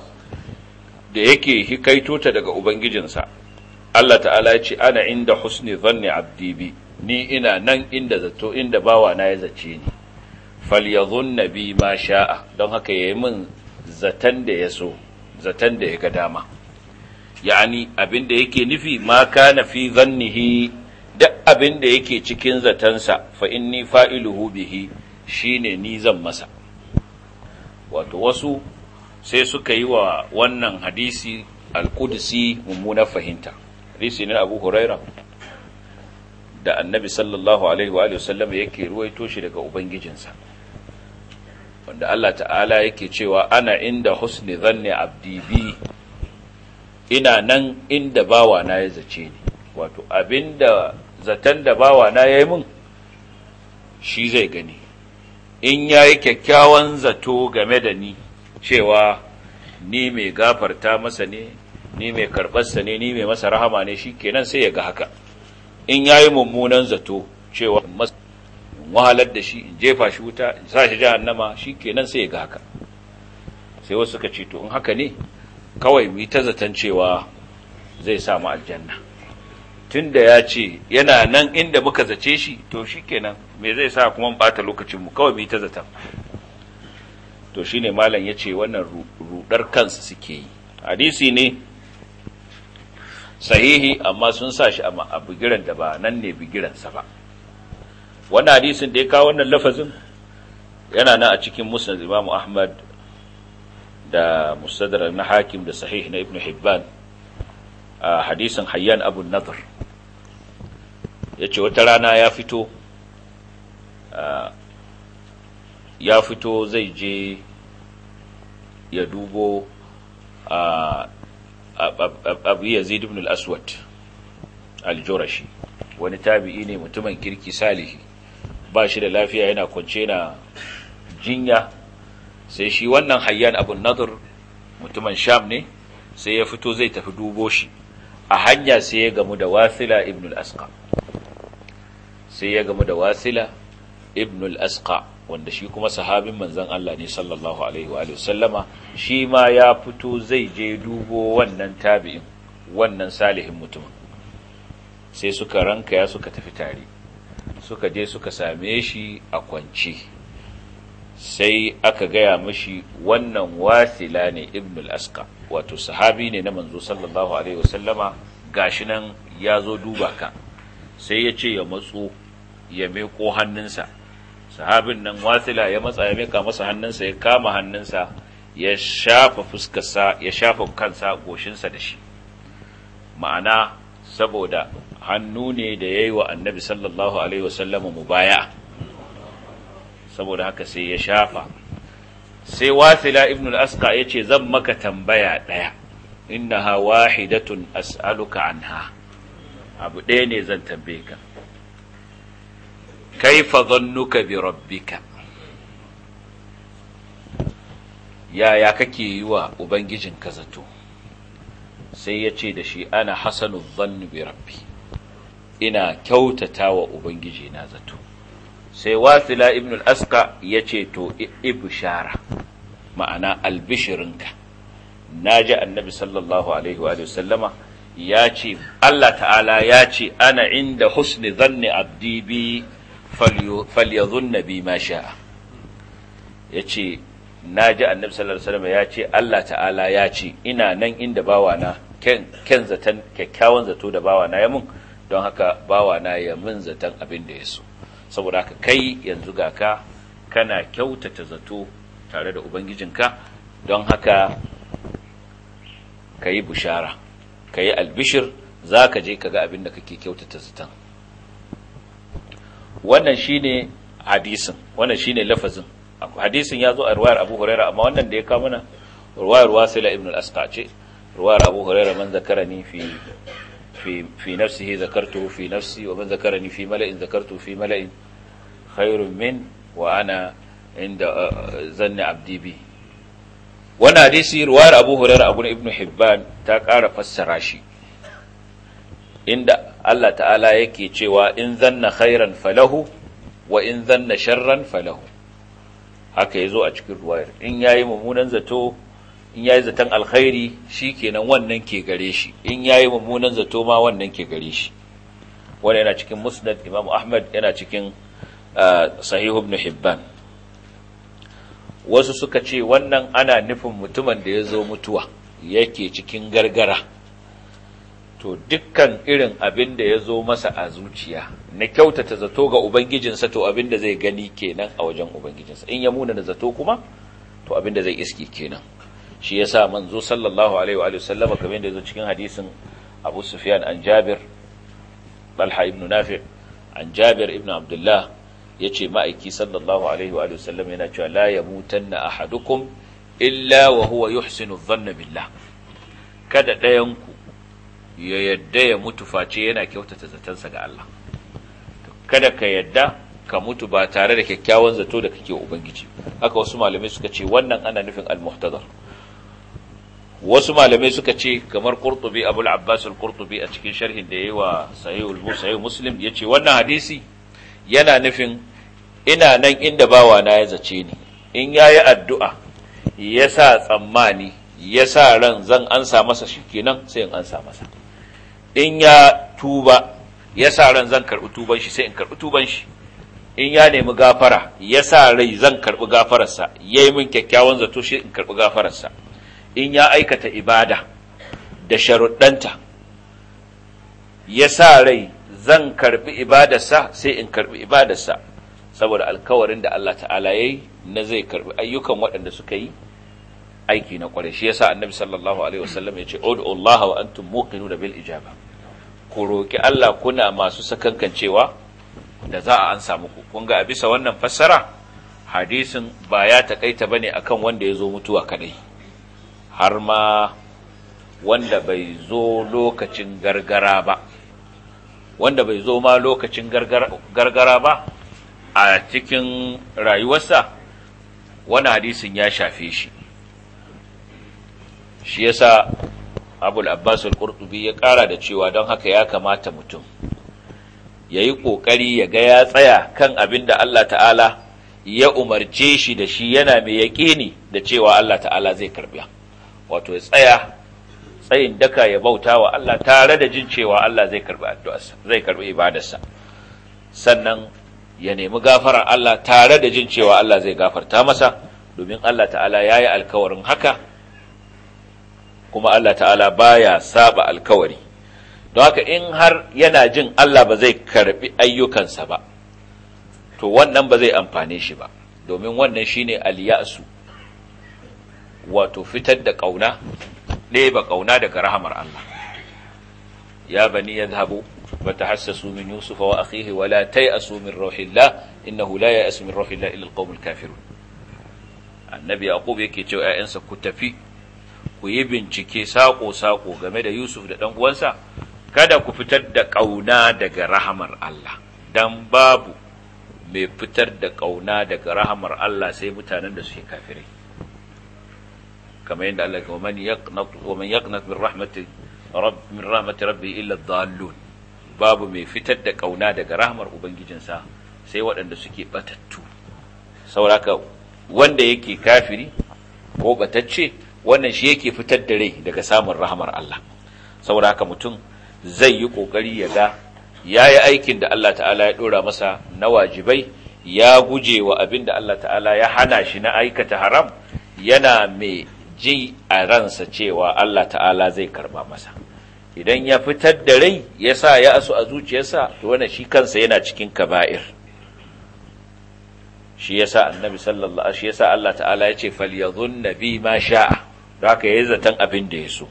da yake hikaito ta daga ubangijinsa Allah ta'ala ya ce ana inda husni dhanni abdi bi ni ina nan inda zato inda bawa na ya zace ni Falyazun Nabi, ma sha'a don haka ya yi min zaton da ya so zaton da ya ga dama ya'ani abin da yake nufi ma kana fi zannihi, duk abin da yake cikin zatansa fa inni fa'iluhu bihi shine ni zan masa wato wasu sai suka yi wa wannan hadisi al-qudsi mummunar fahimta hadisi ne Abu Huraira da Annabi sallallahu alaihi wa sallam yake ruwaito shi daga ubangijinsa wanda Allah ta'ala yake cewa ana inda husni zanni abdi bi ina nan inda bawa na ya zace ni wato abinda zaton da bawa na yayi mun, shi zai gani in yayi kyakkyawan zato game da ni cewa ni mai gafarta masa ne ni mai karɓarsa ne ni mai masa rahama ne shikenan sai ya ga haka in yayi mummunan zato cewa masa wahalar da shi in jefa shi wuta in sa shi jahannama kenan sai ya ga haka sai wasu suka ce to in haka ne kawai mu ta zaton cewa zai samu aljanna tunda ya ce yana nan inda muka zace shi to shi kenan, me zai sa kuma mu bata lokacinmu? kawai mu ta zaton to shi ne malam ya ce wannan rudar kansu suke yi hadisi ne sahihi amma sun sa shi a bigiran da ba nan ne bigiransa ba wannan hadisin da ya kawo wannan lafazin yana nan a cikin musnad Imam Ahmad da mustadrak na Hakim da Sahih na Ibn Hibban a hadisin Hayyan Abu Ya yace wata rana ya fito ya fito zai je ya dubo abu yazid ibn al-aswad al-jurashi wani tabi'i ne mutumin kirki salihi ba shi da lafiya yana kwance na jinya sai shi wannan hayyan abun nadir mutumin sham ne sai ya fito zai tafi dubo shi a hanya sai ya gamu da wasila ibn al-asqa sai ya gamu da wasila ibn al-asqa wanda shi kuma sahabin manzon Allah ne sallallahu alaihi wa sallama shi ma ya fito zai je dubo wannan tabi'in wannan salihin mutumin sai suka ranka ya suka tafi tare suka je suka same shi a kwanci sai aka gaya mashi wannan wasila ne ibn al-asqa wato sahabi ne na manzo sallallahu alaihi wasallama gashi nan ya zo duba ka sai ya ce ya matso ya meko hannunsa sahabin nan wasila ya matsa ya meka masa hannunsa ya kama hannunsa ya shafa fuskarsa ya shafa kansa goshinsa da shi ma'ana saboda hannu ne da ya yi wa annabi sallallahu alaihi wasallama mubaya saboda haka sai ya shafa sai wasila ibn al-asqa ya ce zan maka tambaya ɗaya innaha wahidatun as'aluka anha abu ɗaya ne zan tambaye ka kaifa zannuka bi rabbika yaya kake yi wa ka zato sai ya ce da shi ana hasanu zannu bi rabbi ina kyautata wa ubangiji na zato sai wasila ibn al ya yace to ibshara ma'ana albishirinka ji annabi sallallahu alaihi wa ya ce Allah ta'ala ya ce ana inda husni zanni abdi bi falyadhunna bi ma sha'a yace naji annabi sallallahu alaihi wasallam ya ce Allah ta'ala ya ce ina nan inda bawana ken ken kyakkyawan zato da bawana ya mun don haka bawa na ya min zaton abin da ya so saboda haka kai yanzu ga ka kana kyautata zato tare da ubangijinka don haka ka yi bushara ka yi albishir za ka je ka ga abin da kake kyautata zaton wannan shine hadisin wannan shine lafazin hadisin ya zo a ruwayar abu huraira amma wannan da ya kama mana, ruwayar wasila ibn al-asqa ruwayar abu huraira man zakarani fi في في نفسه ذكرته في نفسي ومن ذكرني في ملأ ذكرته في ملأ خير من وأنا عند ظن عبدي بي wani hadisi ruwayar abu hurairar abu ibn hibban ta ƙara fassara shi inda Allah ta'ala yake cewa in zanna khairan falahu wa in zanna sharran falahu haka yazo a cikin ruwayar in yi mummunan zato in ya yi zaton alkhairi kenan wannan ke gare shi in yayi mummunan zato ma wannan ke gare shi Wani yana cikin musnad Imam Ahmad yana cikin ah, sahihu ibn Hibban wasu suka ce wannan ana nufin mutumin da ya zo mutuwa yake cikin gargara to dukkan irin abin da ya zo masa a zuciya na kyautata zato ga ubangijinsa to abin da zai gani kenan a wajen ubangijinsa in ya muna da zato kuma to abin da zai iske kenan shi yasa manzo sallallahu alaihi wa sallama kamar yadda yazo cikin hadisin Abu Sufyan an Jabir Talha ibn Nafi an Jabir ibn Abdullah yace ma'aiki sallallahu alaihi wa sallam yana cewa la yamutanna ahadukum illa wa huwa yuhsinu dhanna billah kada ɗayanku ya yadda ya mutu face yana kyautata zatansa ga Allah kada ka yadda ka mutu ba tare da kyakkyawan zato da kake ubangiji haka wasu malamai suka ce wannan ana nufin al-muhtadar wasu malamai suka ce kamar qurtubi abul abbas al-qurtubi a cikin sharhin da yayi wa sahihul musayyi muslim yace wannan hadisi yana nufin ina nan inda bawa na ya zace ni in yayi addu'a ya sa tsammani ya ran zan ansa masa shikenan sai in ansa masa in ya tuba ya ran zan karbi tuban shi sai in karbi tuban shi in ya nemi gafara yasa rai zan karbi gafararsa yayi min kyakkyawan zato shi in karbi gafararsa in ya aikata ibada da sharuɗanta ya sa rai zan karbi ibadarsa sai in karbi ibadarsa saboda alkawarin da Allah ta'ala ya yi na zai karbi ayyukan waɗanda suka yi aiki na ƙwarai shi ya sa annabi sallallahu alaihi wasallam ya ce odu Allah wa antum da bil ijaba ku roki Allah kuna masu sakankancewa da za a ansa muku kun ga a bisa wannan fassara hadisin ba ya takaita bane akan wanda ya zo mutuwa kadai har ma wanda bai zo lokacin gargara ba wanda bai zo ma lokacin gargara ba a cikin rayuwarsa wani hadisin ya shafe shi shi yasa abul abbas al-qurtubi ya kara da cewa don haka ya kamata mutum ya yi ƙoƙari ya ga ya tsaya kan abin da Allah ta'ala ya umarce shi da shi yana mai yaƙini da cewa Allah ta'ala zai karɓa. wato ya tsaya tsayin daka ya bauta wa Allah tare da jin cewa Allah zai karɓi addu'arsa zai karɓi ibadarsa sannan ya nemi gafarar Allah tare da jin cewa Allah zai gafarta masa domin Allah ta'ala ya yi alkawarin haka kuma Allah ta'ala baya saba alkawari don haka in har yana jin Allah ba zai karbi ayyukansa ba to wannan ba zai amfane shi ba domin wannan shine aliyasu wato fitar da ƙauna ɗeba ƙauna daga rahamar Allah ya bani ya zabo fatahassasu min yusuf wa akhihi wa la tayasu min rauhillah innahu la yayasu min rauhillah illa alqawmul kafirun annabi yaqub yake cewa 'ya'yansa ku tafi ku yi bincike sako sako game da yusuf da ɗan uwansa kada ku fitar da ƙauna daga rahamar Allah dan babu mai fitar da ƙauna daga rahamar Allah sai mutanen da suke kafirai kamar yadda Allah kuma man yaqnat wa man yaqnat min rahmati rabb min rahmati illa dallun babu mai fitar da kauna daga rahmar ubangijinsa sai waɗanda suke batattu sauraka wanda yake kafiri ko batacce wannan shi yake fitar da rai daga samun rahmar Allah sauraka mutum zai yi kokari ya ga yayi aikin da Allah ta'ala ya ɗora masa na wajibai ya guje wa abin Allah ta'ala ya hana shi na aikata haram yana mai ji a ransa cewa Allah ta'ala zai karba masa idan ya fitar da rai ya sa ya asu a zuciyarsa to wani shi kansa yana cikin kaba'ir shi sa annabi sallallahu alaihi sa Allah ta'ala ya ce falyadhunna bi ma sha'a ka haka yayi zaton abin da ya so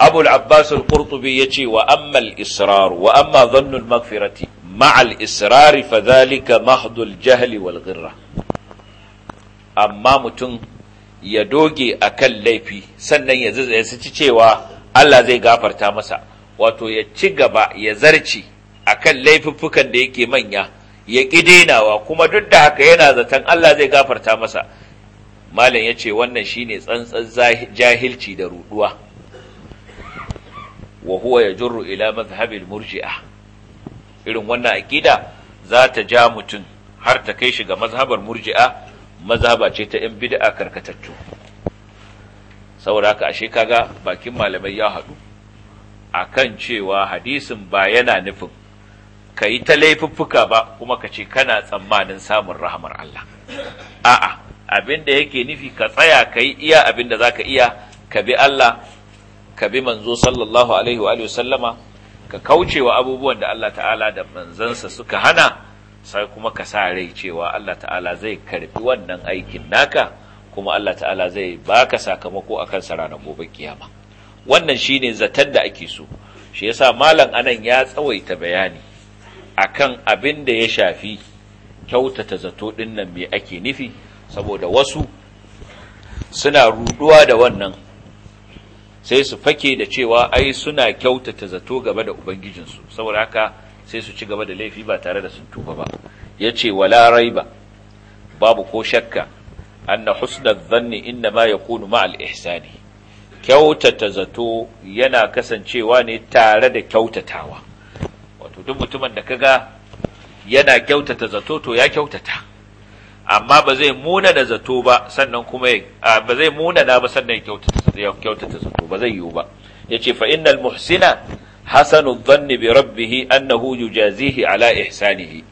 أبو العباس wa amma وأما الإصرار وأما ظن المغفرة مع الإصرار فذلك محض الجهل والغرة amma mutum ya doge a kan laifi sannan ya ci cewa Allah zai gafarta masa wato ya ci gaba ya zarci a kan laifuffukan da yake manya ya ƙi kuma duk da haka yana zaton Allah zai gafarta masa malam ya ce wannan shi ne tsantsan jahilci da ruduwa wa huwa yajurru ila mazhabin murji'a irin wannan aƙida za ta ja mutum har ta kai shi ga mazhabar murji'a mazhaba ce ta ‘yan bida'a karkatattu saboda haka ashe kaga bakin malamai ya haɗu a kan cewa hadisin ba yana nufin ka yi ta laifuffuka ba kuma ka ce kana tsammanin samun rahamar Allah a'a abin da yake nufi ka tsaya ka yi iya abin da za ka iya ka bi Allah ka bi manzo sallallahu alaihi wa sallama ka kauce wa abubuwan da Allah ta'ala da manzansa suka hana sai kuma ka sa rai cewa Allah ta'ala zai karbi wannan aikin naka kuma Allah ta'ala zai baka sakamako akan sa ranar gobe kiyama wannan shine zaton da ake so shi yasa malam anan ya tsawaita bayani akan abin da ya shafi kyautata zato din nan me ake nufi saboda wasu suna ruduwa da wannan sai su fake da cewa ai suna kyautata zato gaba da ubangijinsu saboda haka sai su ci gaba da laifi ba tare da sun tuba ba yace wala raiba babu ko shakka anna husna dhanni inna ma kunu ma al ihsani kyautata zato yana kasancewa ne tare da kyautatawa wato duk mutumin da kaga yana kyautata zato to ya kyautata amma ba zai muna da zato ba sannan kuma ba zai muna na ba sannan kyautata zato ba zai yiwu ba yace fa innal muhsina hasanu dhanni bi rabbih annahu yujazihi ala ihsanihi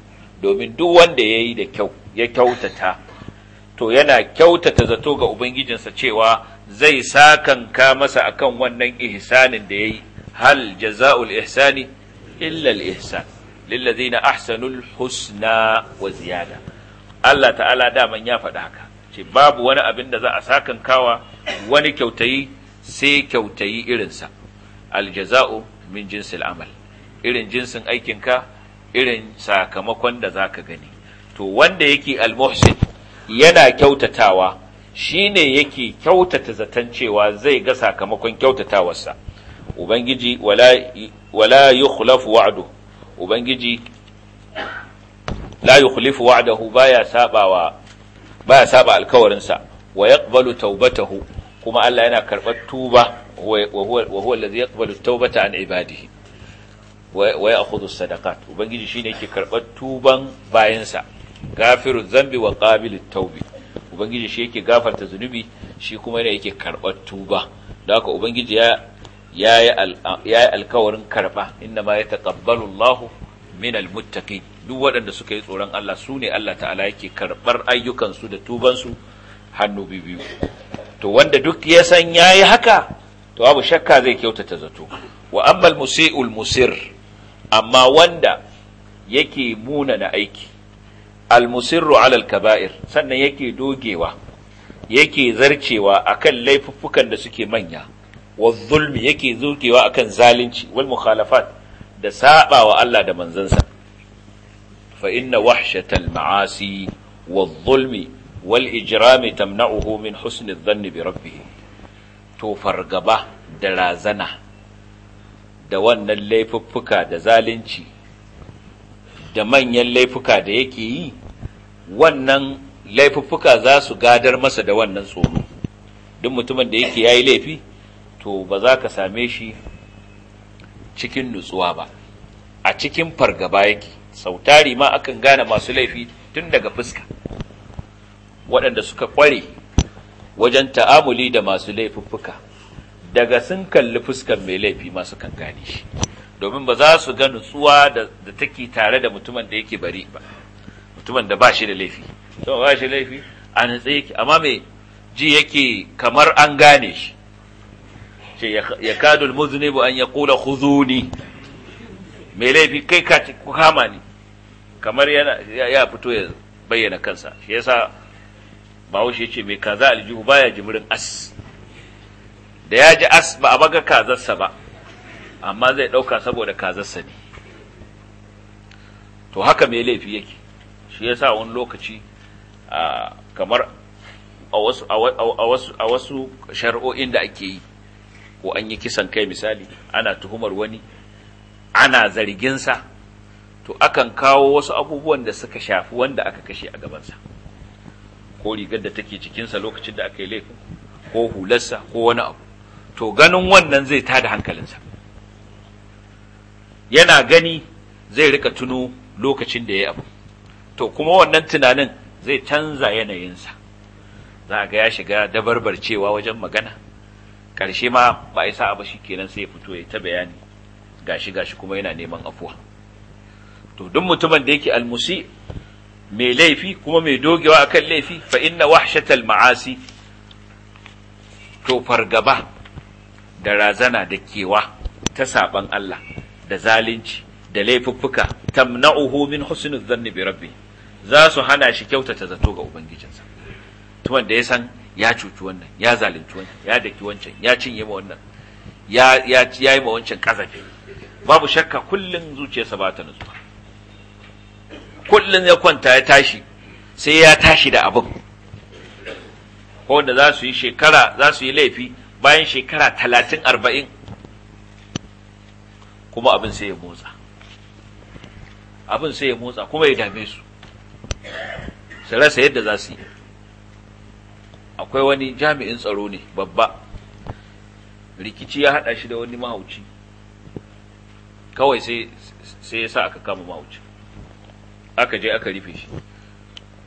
domin duk wanda yayi da kyau ya kyautata to yana kyautata zato ga ubangijinsa cewa zai sakanka masa akan wannan ihsanin da yayi hal jaza'ul ihsani illa al ihsan lillazina ahsanul husna wa ziyada Allah ta'ala daman ya faɗa haka ce babu wani abin da za a sakankawa wani kyautayi sai kyautayi irinsa aljaza'u min jinsil amal irin jinsin aikinka irin sakamakon da za ka gani to wanda yake almuhsin yana kyautatawa shine yake kyautata zaton cewa zai ga sakamakon kyautatawarsa ubangiji wala wala yukhlafu ubangiji la yukhlifu wa'dahu baya baya saba alkawarinsa wa yaqbalu taubatahu kuma Allah yana karɓar tuba wa huwa allazi yaqbalu tawbata an ibadihi wa ya'khudhu sadaqat ubangiji shine yake karbar tuban bayansa gafiru dhanbi wa qabilu tawbi ubangiji shi yake gafarta zunubi shi kuma ne yake karbar tuba don haka ubangiji ya yayi alkawarin karba inna ya yataqabbalu Allahu min almuttaqin duk waɗanda suka yi tsoron Allah sune Allah ta'ala yake karɓar ayyukansu da tubansu hannu biyu to wanda duk ya san yayi haka to abu shakka zai kyautata zato wa ammal musi'ul musir amma wanda yake muna na aiki al musirru alal kaba'ir sannan yake dogewa yake zarcewa akan laifuffukan da suke manya wa zulmi yake zurkewa akan zalunci wal mukhalafat da saba wa Allah da manzansa fa inna wahshatal ma'asi wa zulmi wal ijrami tamna'uhu min husni dhanni bi rabbihi to fargaba da razana da wannan laifuffuka da zalunci da manyan laifuka da yake yi wannan laifuffuka za su gadar masa da wannan tsoro duk mutumin da yake yayi laifi to ba za ka same shi cikin nutsuwa ba a cikin fargaba yake sautari ma akan gane masu laifi tun daga fuska waɗanda suka ƙware wajen ta'amuli da masu laifuffuka daga sun kalli fuskan mai laifi masu kan gane shi domin ba za su ga nutsuwa da take tare da mutumin da yake bari ba mutumin da ba shi da laifi to ba shi laifi a nutse yake amma mai ji yake kamar an gane shi ce ya kadu almuznibu an ya kula khuzuni mai laifi kai ka kama ni kamar yana ya fito ya bayyana kansa shi yasa bahaushe ce mai kaza aljihu baya jimirin as da ya ji as ba a baga kazarsa ba amma zai ɗauka saboda kazarsa ne to haka mai laifi yake shi yasa wani lokaci kamar a wasu shari'o'in da ake yi ko an yi kisan kai misali ana tuhumar wani ana zarginsa to akan kawo wasu abubuwan da suka shafi wanda aka kashe a gabansa. ko rigar da take cikinsa lokacin da aka yi laifin ko hularsa ko wani abu to ganin wannan zai tada hankalinsa yana gani zai rika tuno lokacin da ya yi abu to kuma wannan tunanin zai canza yanayinsa za ga ya shiga dabarbar cewa wajen magana ƙarshe ma ba isa ba shi kenan sai ya fito ya ta bayani gashi gashi kuma yana neman afuwa to duk mutumin da yake almusi mai laifi kuma mai dogewa akan laifi fa inna wahshatal ma'asi to fargaba da razana da kewa ta saban Allah da zalunci da laifuffuka tamna'uhu min husnul dhanni bi rabbi za su hana shi kyautata zato ga ubangijinsa to da ya san ya cuci wannan ya zalunci wannan ya daki wancan ya cinye ma wannan ya yi ma wancan kazafi babu shakka kullun zuciyarsa ba ta nutsuwa kullum ya kwanta ya tashi sai ya tashi da abin wanda za su yi shekara za su yi laifi bayan shekara talatin arba'in kuma abin sai ya motsa abin sai ya motsa kuma ya dame su su rasa yadda za su yi akwai wani jami'in tsaro ne babba rikici ya haɗa shi da wani mahauci kawai sai ya sa aka kama mahauci aka je aka rufe shi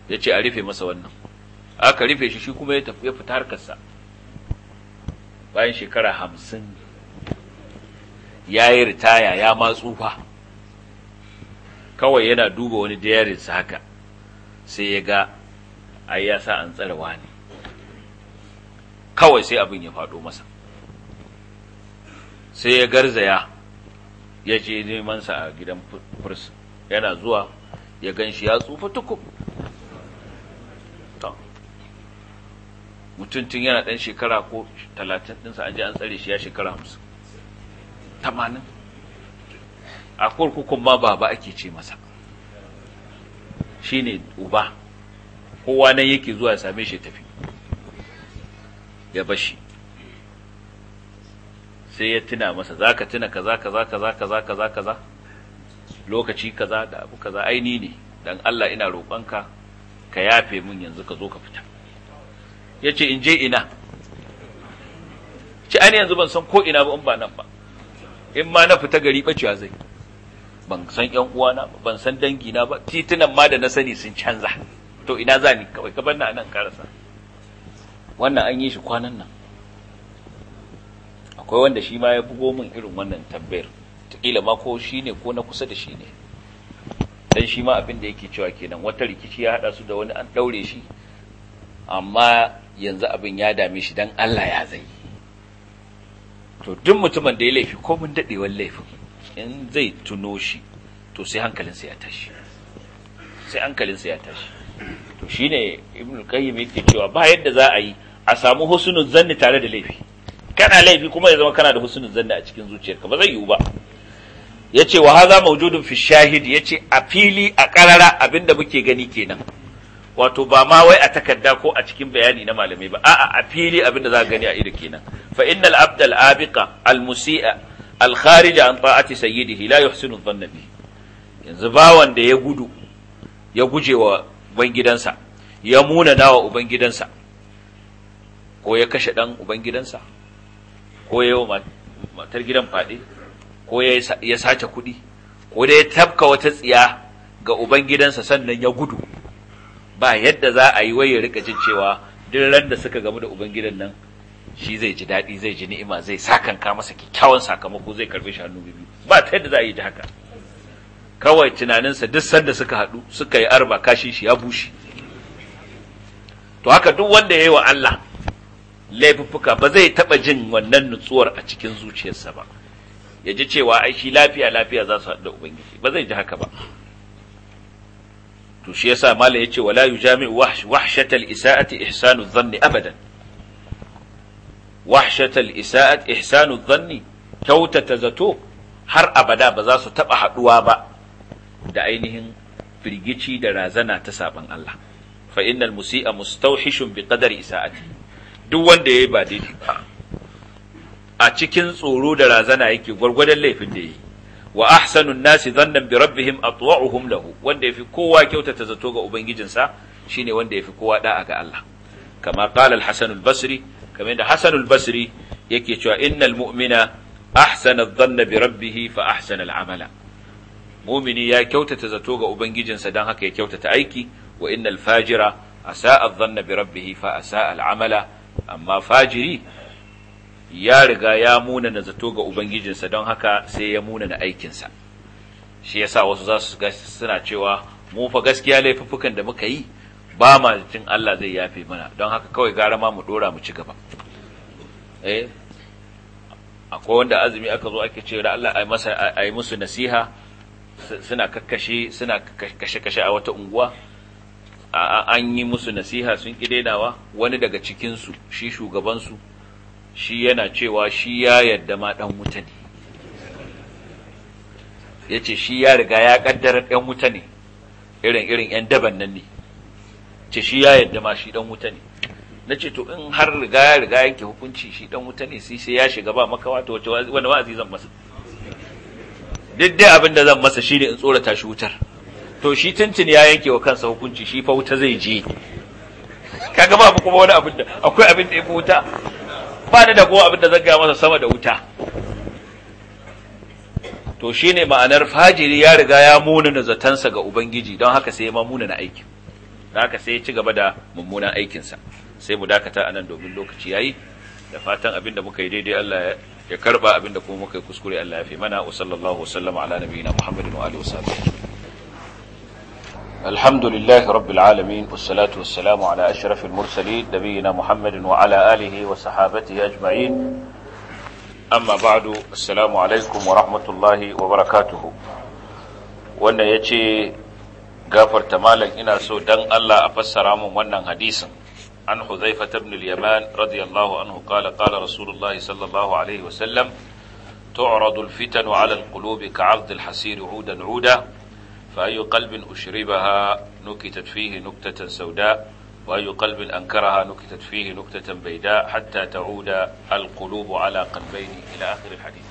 ya ce a rufe masa wannan aka rufe shi shi kuma ya tafi ya fita harkarsa bayan shekara hamsin ya yi ritaya ya ma tsufa kawai yana duba wani diyarinsa haka sai ya ga ai ya sa an tsarawa ne kawai sai abin ya faɗo masa sai ya garzaya ya je nemansa a gidan furs yana zuwa ya gan shi ya tsufa tukub mutum tun yana ɗan shekara ko talatin ɗinsa an je an tsare shi ya shekara hamsin tamanin a kurkukun ma baba ake ce masa shine uba kowa nan yake zuwa ya same shi tafi ya bashi sai ya tuna masa za ka tuna kaza kaza kaza kaza kaza kaza lokaci kaza da abu kaza aini ne dan Allah ina roƙonka ka yafe min yanzu ka zo ka fita yace in je ina ci ani yanzu ban san ko ina ba in ba nan ba in ma na fita gari bacewa zai ban san ƴan uwana ba ban san dangi na ba titunan ma da na sani sun canza to ina za ni kawai ka bar na nan karasa wannan an yi shi kwanan nan akwai wanda shi ma ya bugo min irin wannan tambayar kila ma ko shi ne ko na kusa da shi ne dan shi ma abin da yake cewa kenan wata rikici ya hada su da wani an daure shi amma yanzu abin ya dame shi dan Allah ya zai to duk mutumin da ya laifi ko mun wal laifin in zai tuno shi to sai hankalinsa ya tashi sai hankalinsa ya tashi to shine ibnu qayyim yake cewa ba yadda za a yi a samu husnul zanni tare da laifi kana laifi kuma ya zama kana da husnul zanni a cikin zuciyarka ba zai yiwu ba ya wa hadha mawjudun fi shahid yace a fili a karara abinda muke gani kenan wato ba ma wai a takarda ko a cikin bayani na malamai ba a'a a fili abinda za ka gani a ido kenan fa innal abdal abiqa al musi'a al kharija an ta'ati sayyidihi la yuhsinu dhanna bi yanzu bawan da ya gudu ya guje wa ubangidansa ya muna dawa ubangidansa ko ya kashe dan ubangidansa ko ya yi matar gidan fade ko ya sace kuɗi ko dai ya tafka wata tsiya ga ubangidansa sannan ya gudu ba yadda za a yi wai ya rika jin cewa duk ran da suka gamu da ubangidan nan shi zai ji daɗi zai ji ni'ima zai sakanka masa kyakkyawan sakamako zai karbe shi hannu biyu ba ta yadda za a yi ji haka kawai tunaninsa duk sanda suka haɗu suka yi arba kashin shi ya bushe to haka duk wanda ya yi wa Allah laifuffuka ba zai taɓa jin wannan nutsuwar a cikin zuciyarsa ba ya ji cewa ai shi lafiya lafiya za su haɗu da ubangiji ba zai ji haka ba to shi yasa mala yace wala yujami'u wahshatal isa'ati ihsanu dhanni abadan wahshatal isa'at ihsanu dhanni kyautata zato har abada ba za su taba haɗuwa ba da ainihin firgici da razana ta saban Allah fa innal musi'a mustawhishun bi qadari isa'ati duk wanda yayi ba daidai a cikin tsoro da razana yake gwargwadon laifin da yi wa ahsanun nasi zannan bi rabbihim atwa'uhum lahu wanda yafi kowa kyautata zato ga ubangijinsa shine wanda yafi kowa da'a ga Allah kama qala al-hasan al-basri kama inda hasan al-basri yake cewa innal mu'mina ahsana adh-dhanna bi fa ahsana al-amala mu'mini ya kyautata zato ga ubangijinsa dan haka ya kyautata aiki wa innal fajira asa'a adh-dhanna bi fa asa'a al-amala amma fajiri ya riga ya muna na zato ga ubangijinsa don haka sai ya muna na aikinsa shi yasa wasu za su suna cewa mu fa gaskiya laifuffukan da muka yi ba ma jin Allah zai yafe mana don haka kawai gara ma mu dora mu ci gaba eh akwai wanda azumi aka zo ake ce da Allah ai masa musu nasiha suna kakkashe suna kashe kashe a wata unguwa an yi musu nasiha sun dainawa? wani daga cikin su shi shugabansu? shi yana cewa shi ya yadda ma ɗan wuta ne ya ce shi ya riga ya ƙaddara ɗan wuta ne irin irin ‘yan daban nan ne ce shi ya yadda ma shi ɗan wuta ne na ce to in har riga ya riga yanke hukunci shi ɗan wuta ne sai ya shiga ba makawa to wace wani wa'azi zan masa duk dai abin da zan masa shi ne in tsorata shi wutar to shi tuntun ya yanke wa kansa hukunci shi fa wuta zai je kaga babu kuma wani abin da akwai abin da ya fi wuta ba ni da ko abin da zan gaya masa sama da wuta to ne ma'anar fajiri ya riga ya zaton zatansa ga ubangiji don haka sai ya ma munana aikin don haka sai ya ci gaba da mummunan aikinsa sai mu dakata anan domin lokaci yayi da fatan abin da muka yi daidai Allah ya karba abin da kuma muka yi kuskure Allah ya fi mana wa sallallahu wa sallama ala nabiyina Muhammadin wa alihi wa الحمد لله رب العالمين والصلاة والسلام على أشرف المرسلين نبينا محمد وعلى آله وصحابته أجمعين أما بعد السلام عليكم ورحمة الله وبركاته وأن يجي غافر تمالا إنا سو دن الله أفسر عمو ونن حديثا عن حذيفة بن اليمان رضي الله عنه قال قال رسول الله صلى الله عليه وسلم تعرض الفتن على القلوب كعرض الحسير عودا عودا فأي قلب أشربها نكتت فيه نكتة سوداء وأي قلب أنكرها نكتت فيه نكتة بيداء حتى تعود القلوب على قلبين إلى آخر الحديث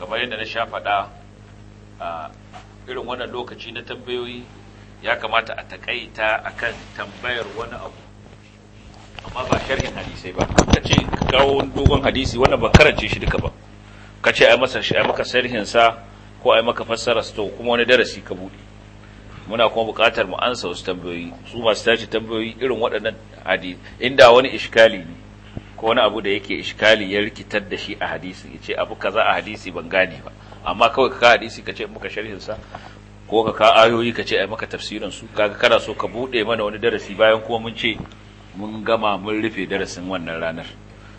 كما يدنا شافا دا irin wannan lokaci na tambayoyi ya kamata a takaita akan tambayar wani abu amma ba sharhin hadisai ba ka ce kawo dogon hadisi wannan ba karance shi ba ka ce ai masa shi maka sharhinsa. ko ai maka fassara to kuma wani darasi ka bude muna kuma buƙatar mu ansa wasu tambayoyi su masu tashi tambayoyi irin waɗannan hadisi inda wani iskali ne ko wani abu da yake iskali ya rikitar da shi a hadisi ya ce abu kaza a hadisi ban gane ba amma kawai ka hadisi ka ce muka sharhin sa ko ka ka ayoyi ka ce ai maka tafsirin su kaga kana so ka bude mana wani darasi bayan kuma mun ce mun gama mun rufe darasin wannan ranar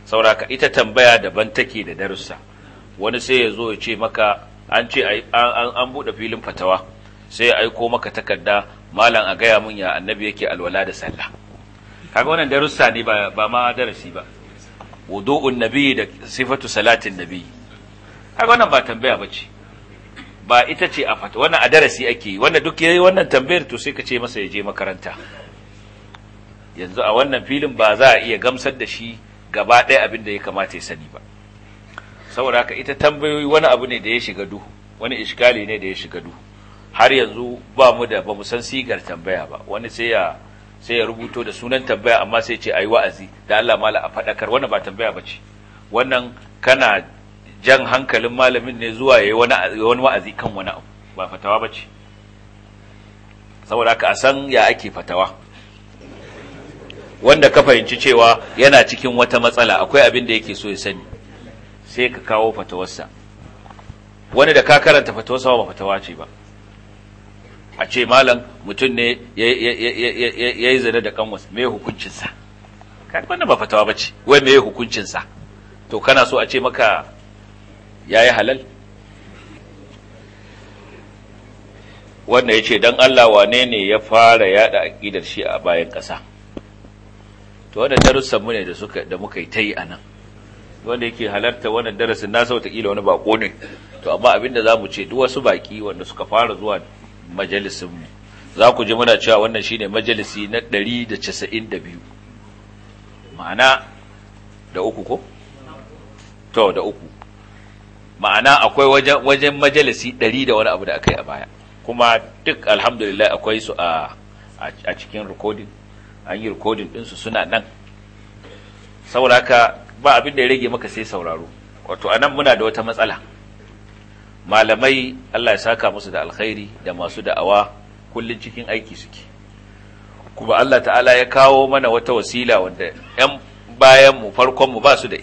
sauraka ita tambaya daban take da darussa wani sai ya zo ya ce maka an ce an buɗe filin fatawa sai aiko maka takarda malam a gaya mun ya annabi yake alwala da sallah kaga wannan darussa ne ba ba ma darasi ba wudu'un nabi da sifatu salatin nabi kaga wannan ba tambaya bace ba ita ce a fata wannan a darasi ake yi wanda duk yayi wannan tambayar to sai ka ce masa ya je makaranta yanzu a wannan filin ba za a iya gamsar da shi gaba ɗaya abin da ya kamata ya sani ba saboda haka ita tambayoyi wani abu ne da ya shiga duhu wani ishkali ne da ya shiga duhu har yanzu ba mu da ba mu san sigar tambaya ba wani sai ya sai ya rubuto da sunan tambaya amma sai ce ayi wa'azi da Allah mala a fadakar wannan ba tambaya bace wannan kana jan hankalin malamin ne zuwa yayi wani wani wa'azi kan wani abu ba fatawa bace saboda haka a san ya ake fatawa wanda ka fahimci cewa yana cikin wata matsala akwai abin da yake so ya sani sai ka kawo fatawarsa wani da ka karanta fatawarsa ba fatawa ce ba a ce malam mutum ne ya yi zane da kanwas me hukuncinsa wannan ba fatawa ba ce wai me hukuncinsa to kana so a ce maka ya yi halal wanda ya ce don Allah wane ne ya fara yada aƙidar shi a bayan ƙasa to wadda darussanmu ne da muka yi ta yi a nan wanda yake halarta wannan darasin nasa watakila wani bako ne to amma abin da za mu ce duk wasu baki wanda suka fara zuwa majalisin mu za ku ji muna cewa wannan shine majalisi na 192 ma'ana da uku ko to da uku ma'ana akwai wajen majalisi 100 da wani abu da aka yi a baya kuma duk alhamdulillah akwai su a a cikin recording an yi recording ɗinsu suna nan saboda haka ba abin da ya rage maka sai sauraro wato anan muna da wata matsala malamai Allah ya saka musu da alkhairi da masu da'awa kullun cikin aiki suke kuma Allah ta'ala ya kawo mana wata wasila wanda mu bayanmu farkonmu ba su da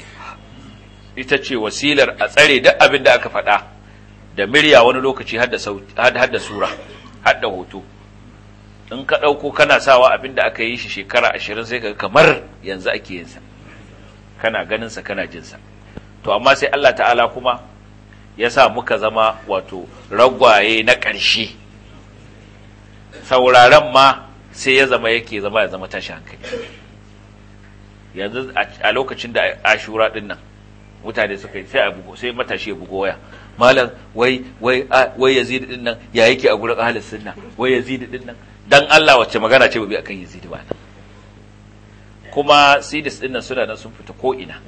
ita ce wasilar a tsare duk abin da aka faɗa da murya wani lokaci har da sura har da hoto in ka ɗauko kana sawa abin da aka yi shi shekara ashirin sai ka kamar yanzu ake yinsa kana ganinsa kana jinsa to amma sai Allah ta'ala kuma ya sa muka zama wato ragwaye na ƙarshe sauraron ma sai ya zama yake zama ya zama tashi hankali yanzu a lokacin da ashura din nan mutane suka yi sai a bugo sai matashi ya bugo waya malam wai wai wai yazid din nan ya yake a gurin ahlus sunna wai yazid din nan dan Allah wacce magana ce ba bi akan yazid ba nan kuma sidis din nan suna nan sun fita ko ina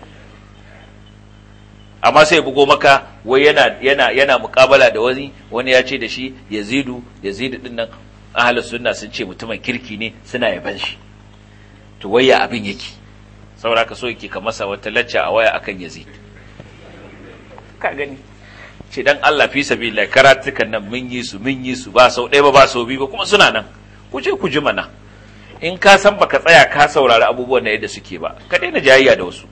amma sai bugo maka wai yana yana yana mukabala da wani wani ya ce da shi yazidu yazidu din nan ahlus sunna sun ce mutumin kirki ne suna yaban shi to wai ya abin yake saboda ka so yake ka masa wata lacca a waya akan yazid ka gani ce dan Allah fi sabilillah karatukan nan mun yi su mun yi su ba sau ɗaya ba ba sau biyu ba kuma suna nan ku je ku ji mana in ka san baka tsaya ka saurari abubuwan da yadda suke ba ka daina jayayya da wasu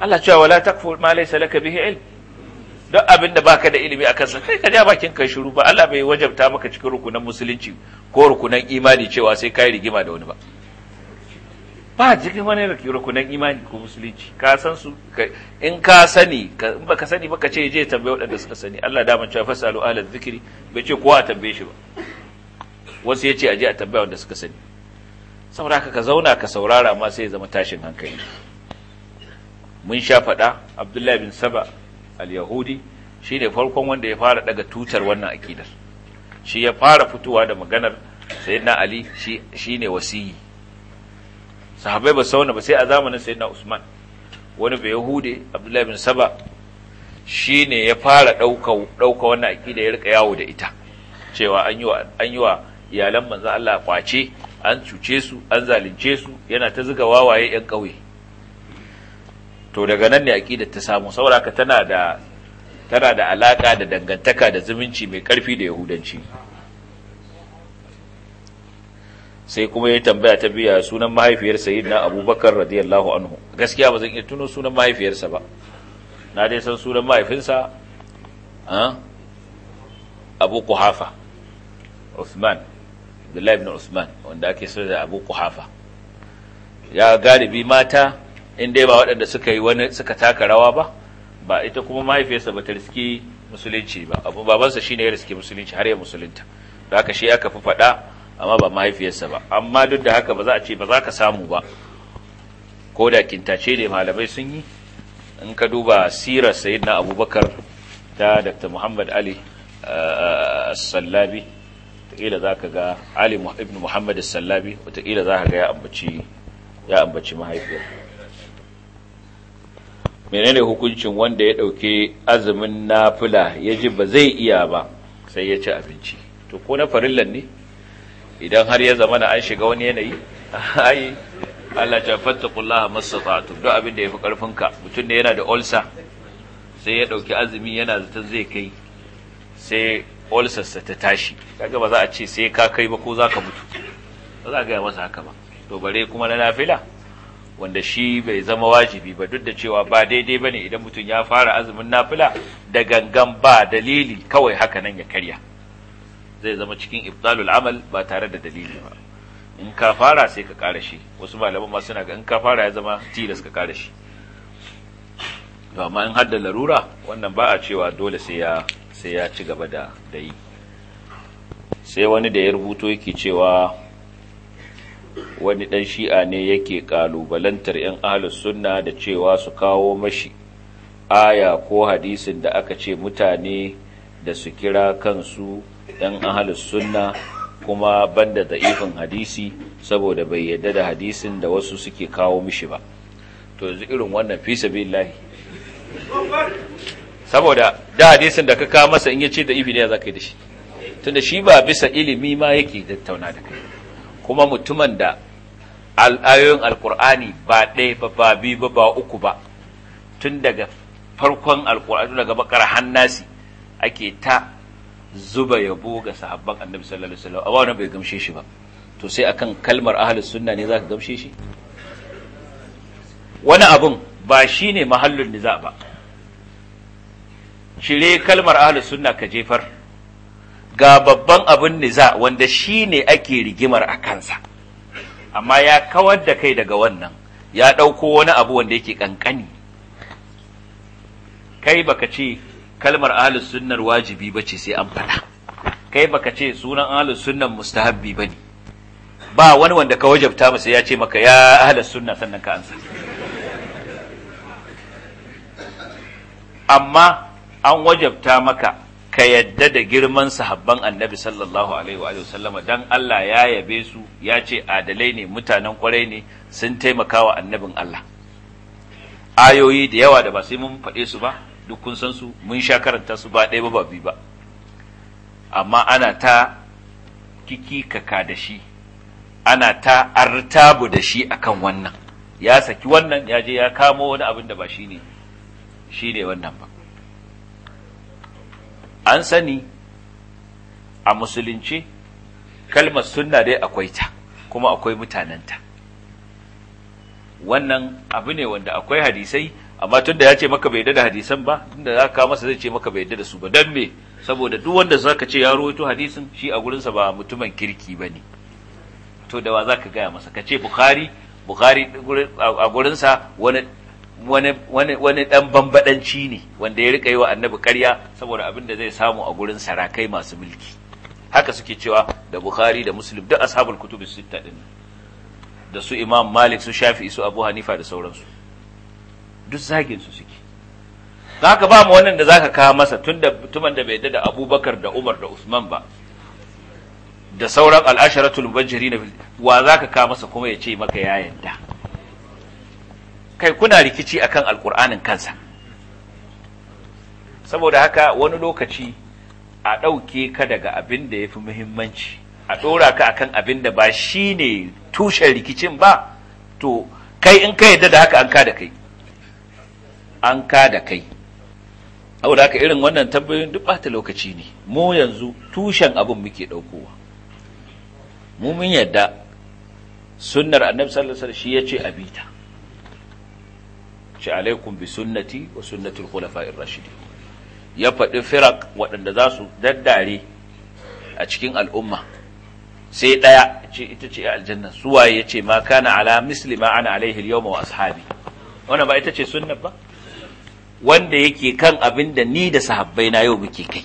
Allah cewa wala takfu ma laysa laka bihi ilm don abin da baka da ilimi a kansa kai ka ja bakin kai shiru ba Allah bai wajabta maka cikin rukunan musulunci ko rukunan imani cewa sai kai rigima da wani ba ba cikin wani rukunan imani ko musulunci ka san su in ka sani in baka sani baka ce je tambaye waɗanda suka sani Allah da mun cewa fasalu ala zikri bai ce kowa tambaye shi ba wasu ya ce aje a tambaya wanda suka sani saboda haka ka zauna ka saurara ma sai ya zama tashin hankali mun sha faɗa abdullahi bin saba al-yahudi shi ne farkon wanda ya fara daga tutar wannan akidar shi ya fara fitowa da maganar sayyidina ali shi ne wasiyi Sahabai ba sauna ba sai a zamanin sayyidina usman wani bai yahude abdullahi bin saba shi ne ya fara ɗauka wannan akida ya rika yawo da ita cewa an yi wa iyalan manzo Allah kwace an cuce su an zalunce su yana ta zuga wawaye yan ƙauye to daga nan ne aqidar ta samu ka tana da tana da alaka da dangantaka da zumunci mai ƙarfi da yahudanci sai kuma ya tambaya ta biya sunan mahaifiyar sayyidina abubakar radiyallahu anhu gaskiya ba zan iya tuno sunan mahaifiyarsa ba na dai san sunan mahaifinsa ah, abu kuhafa usman abdullahi ibn usman wanda ake so da abu kuhafa ya galibi mata in dai ba waɗanda suka yi wani suka taka rawa ba ba ita kuma mahaifiyarsa ba ta riski musulunci ba abu babansa shine ya riski musulunci har ya musulunta da haka shi aka fi faɗa amma ba mahaifiyarsa ba amma duk da haka ba za a ce ba za ka samu ba ko da kintace ne malamai sun yi in ka duba sirar sayyidina abubakar ta dr muhammad ali uh, uh, sallabi wataƙila za ka ga ali ibn muhammad sallabi wataƙila za ka ga ya ambaci mahaifiyar menene hukuncin wanda ya ɗauke azumin nafila ya ji ba zai iya ba sai ya ci abinci to ko na farillan ne idan har ya zama na an shiga wani yanayi ai Allah ya fattakullaha mastata'tum duk abin da yafi karfin ka mutum ne yana da olsa, sai ya ɗauki azumi yana zata zai kai sai polisarsa ta tashi kaga ba za a ce sai ka kai ba ko za ka mutu ba za a gaya masa haka ba to bare kuma na nafila wanda shi bai zama wajibi ba duk da cewa ba daidai ba ne idan mutum ya fara azumin nafila da gangan ba dalili kawai haka nan ya karya zai zama cikin ibtalul amal ba tare da dalili ba in ka fara sai ka kara shi wasu malaman ma suna ga in ka fara ya zama tilas ka kara shi to amma in haddala larura wannan ba a cewa dole sai ya sai ya ci gaba da yi sai wani da ya rubuto yake cewa wani ɗan shi'a ne yake ƙalubalantar yan ahlus sunna da cewa su kawo mashi aya ko hadisin da aka ce mutane da su kira kansu yan ahlus sunna kuma banda da'ifin hadisi saboda bai yadda da hadisin da wasu suke kawo mishi ba to yanzu irin wannan fi lahi. saboda da hadisin da ka kawo masa in ya ce da ibi ne za ka yi da shi tunda shi ba bisa ilimi ma yake tattauna da kai kuma mutumin da al'ayoyin alkur'ani ba ɗaya ba ba biyu ba ba uku ba tun daga farkon alkur'ani daga bakar hannasi ake ta zuba yabo ga sahabban annabi sallallahu alaihi wasallam wannan bai gamshe shi ba to sai akan kalmar ahlus sunna ne zaka gamshe shi wani abun ba shine mahallun niza ba cire kalmar ahlus sunna ka jefar ga babban abin niza wanda shi ne ake rigimar a kansa amma ya kawar da kai daga wannan ya ɗauko wani abu wanda yake ƙanƙani kai baka ce kalmar ahlus sunnar wajibi ba ce sai an faɗa kai baka ce sunan ahlus sunnar mustahabbi ba ne ba wani wanda ka wajabta masa ya ce maka ya ahlus sunna sannan ka amma an wajabta maka ka yadda da girman sahabban annabi sallallahu alaihi wa sallama dan Allah ya yabe su ya ce adalai ne mutanen kwarai ne sun taimaka wa annabin Allah ayoyi da yawa da ba sai mun faɗe su ba duk kun san su mun sha karanta su ba ɗaya ba ba ba amma ana ta kiki kaka da shi ana ta artabu da shi akan wannan ya saki wannan ya je ya kamo wani abin da ba shi ne shi ne wannan ba an sani a musulunci kalmar sunna dai akwai ta kuma akwai mutanenta wannan abu ne wanda akwai hadisai amma tunda ya ce maka bai da hadisan ba tunda za ka masa zai ce maka bai da su ba dan me saboda duk wanda za ka ce ya rawaito hadisin shi a gurinsa ba mutumin kirki ba ne to da wa za ka gaya masa ka ce bukhari bukhari a gurinsa wani wani ɗan wani bambadanci ne wanda ya rika yi wa annabi ƙarya saboda abin da zai samu a gurin sarakai masu mulki haka suke cewa da bukhari da muslim duk ashabul kutubi sitta din da su imam malik su shafi su abu hanifa da sauransu duk zagin su suke haka ba mu wannan da zaka kawo masa tun da tuman da bai da abubakar da umar da usman ba da sauran al'asharatul mubajjirin wa zaka kawo masa kuma ya ce maka ya yadda kai kuna rikici akan alkur'anin kansa saboda haka wani lokaci a ɗauke ka daga abin da ya fi muhimmanci a ɗora ka akan abin da ba shi ne tushen rikicin ba to kai in ka yadda da haka an ka da kai an ka da kai saboda haka irin wannan tambayoyin duk ta lokaci ne mu yanzu tushen abin muke ɗaukowa mu mun yadda sunnar annabi sallallahu alaihi wasallam shi yace abita ce alaikum bi sunnati wa sunnatul khulafa'ir rashidin ya faɗi firak waɗanda za su daddare a cikin al'umma sai ɗaya ce ita ce aljanna suwaye ya ce ma kana ala misli ma ana alaihi yawma wa ashabi wannan ba ita ce sunna ba wanda yake kan abin da ni da sahabbai na yau muke kai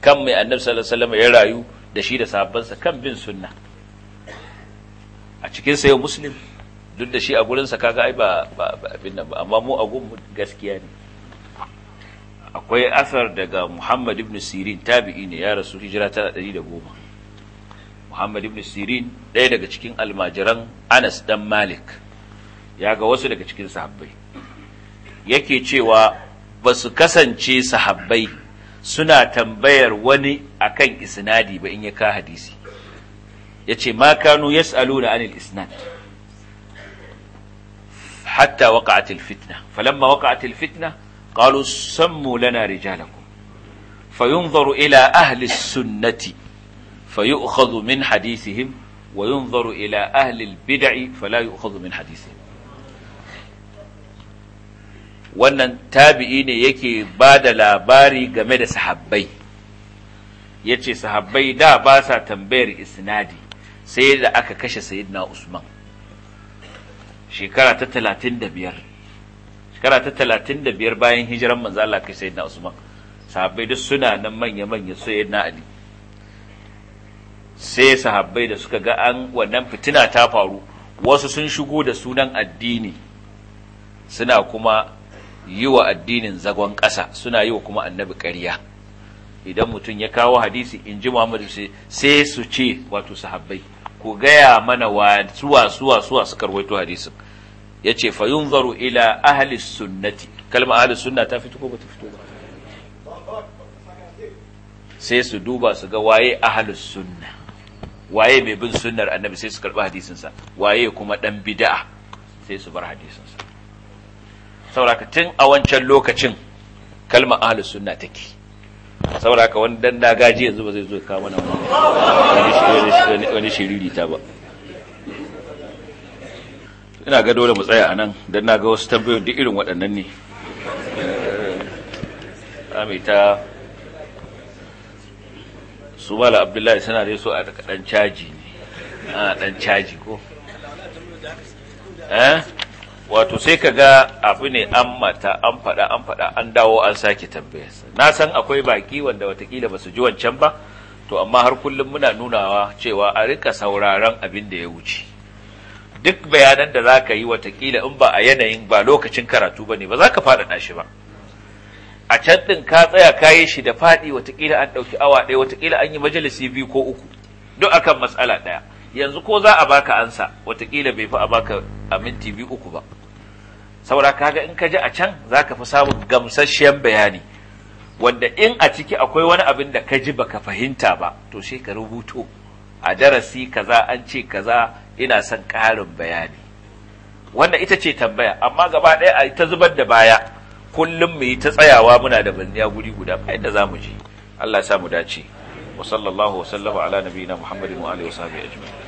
kan mai annabi sallallahu alaihi wasallam ya rayu da shi da sahabbansa kan bin sunna a cikin sa yau muslim duk da shi a gurinsa kaga ai ba abin nan ba amma mu a gaskiya ne akwai asar daga muhammad ibn sirin tabi'i ne ya rasu hijira tana ɗari da goma muhammad ibn sirin ɗaya daga cikin almajiran anas dan malik ya ga wasu daga cikin sahabbai yake cewa ba su kasance sahabbai suna tambayar wani akan isnadi ba in ya ka hadisi ya ce ma yas'aluna anil isnad hatta waqa'atil fitna falamma waqa'atil fitna qalu sammu lana rijalakum fayunzaru ila ahli sunnati fayu'khadhu min hadithihim wa yunzaru ila ahli al-bid'i fala yu'khadhu min hadithihim wannan tabi'i ne yake ba da labari game da sahabbai ya ce sahabbai da ba sa tambayar isnadi sai da aka kashe sayidina usman shekara ta talatin da biyar shekara ta talatin da biyar bayan hijiran manzo Allah kai na Usman sahabbai duk suna nan manya-manya na Ali sai sahabbai da suka ga an wannan fitina ta faru wasu sun shigo da sunan addini suna kuma yi wa addinin zagon ƙasa suna yi wa kuma annabi ƙarya idan mutum ya kawo hadisi in ji Muhammadu sai su ce wato sahabbai ku gaya mana wa suwa suwa suwa suka rawaito hadisin yace fa yunzaru ila ahli sunnati kalma ahli sunna ta fito ko ba ta fito ba sai su duba su ga waye ahli sunna waye mai bin sunnar annabi sai su karba hadisin sa waye kuma dan bid'a sai su bar hadisin sa saboda tun a wancan lokacin kalma ahli sunna take saboda haka wani dan dagaji yanzu ba zai zo kawo mana wani shiriri ta ba ina ga dole mu tsaya a nan don na ga wasu tambayoyin duk irin waɗannan ne eh, amita su bala abdullahi suna dai so a ɗan caji ne ana ah, ɗan caji ko eh? wato sai ka ga abu ne an mata an faɗa an faɗa an dawo an sake tambayarsa na san akwai baki wanda watakila ba su ji wancan ba to amma har kullum muna nunawa cewa a rika sauraron abin da ya wuce duk bayanan da za ka yi watakila in ba a yanayin ba lokacin karatu ba ne ba za ka faɗaɗa shi ba a can ɗin ka tsaya ka yi shi da faɗi watakila an ɗauki awa ɗaya watakila an yi majalisi biyu ko uku duk akan matsala ɗaya yanzu ko za a baka ansa watakila bai fi a baka a minti biyu uku ba saboda kaga in ka ji a can za ka fi samun gamsasshen bayani wanda in a ciki akwai wani abin da ka ji ba ka fahimta ba to sai ka rubuto a darasi kaza an ce kaza ina son ƙarin bayani wannan ita ce tambaya amma gaba ɗaya a ta zubar da baya kullum mu yi ta tsayawa muna da banniya guri guda ba yadda za mu je Allah ya sa mu dace wa sallallahu wa sallama ala nabiyina Muhammadin wa alihi wa sahbihi ajma'in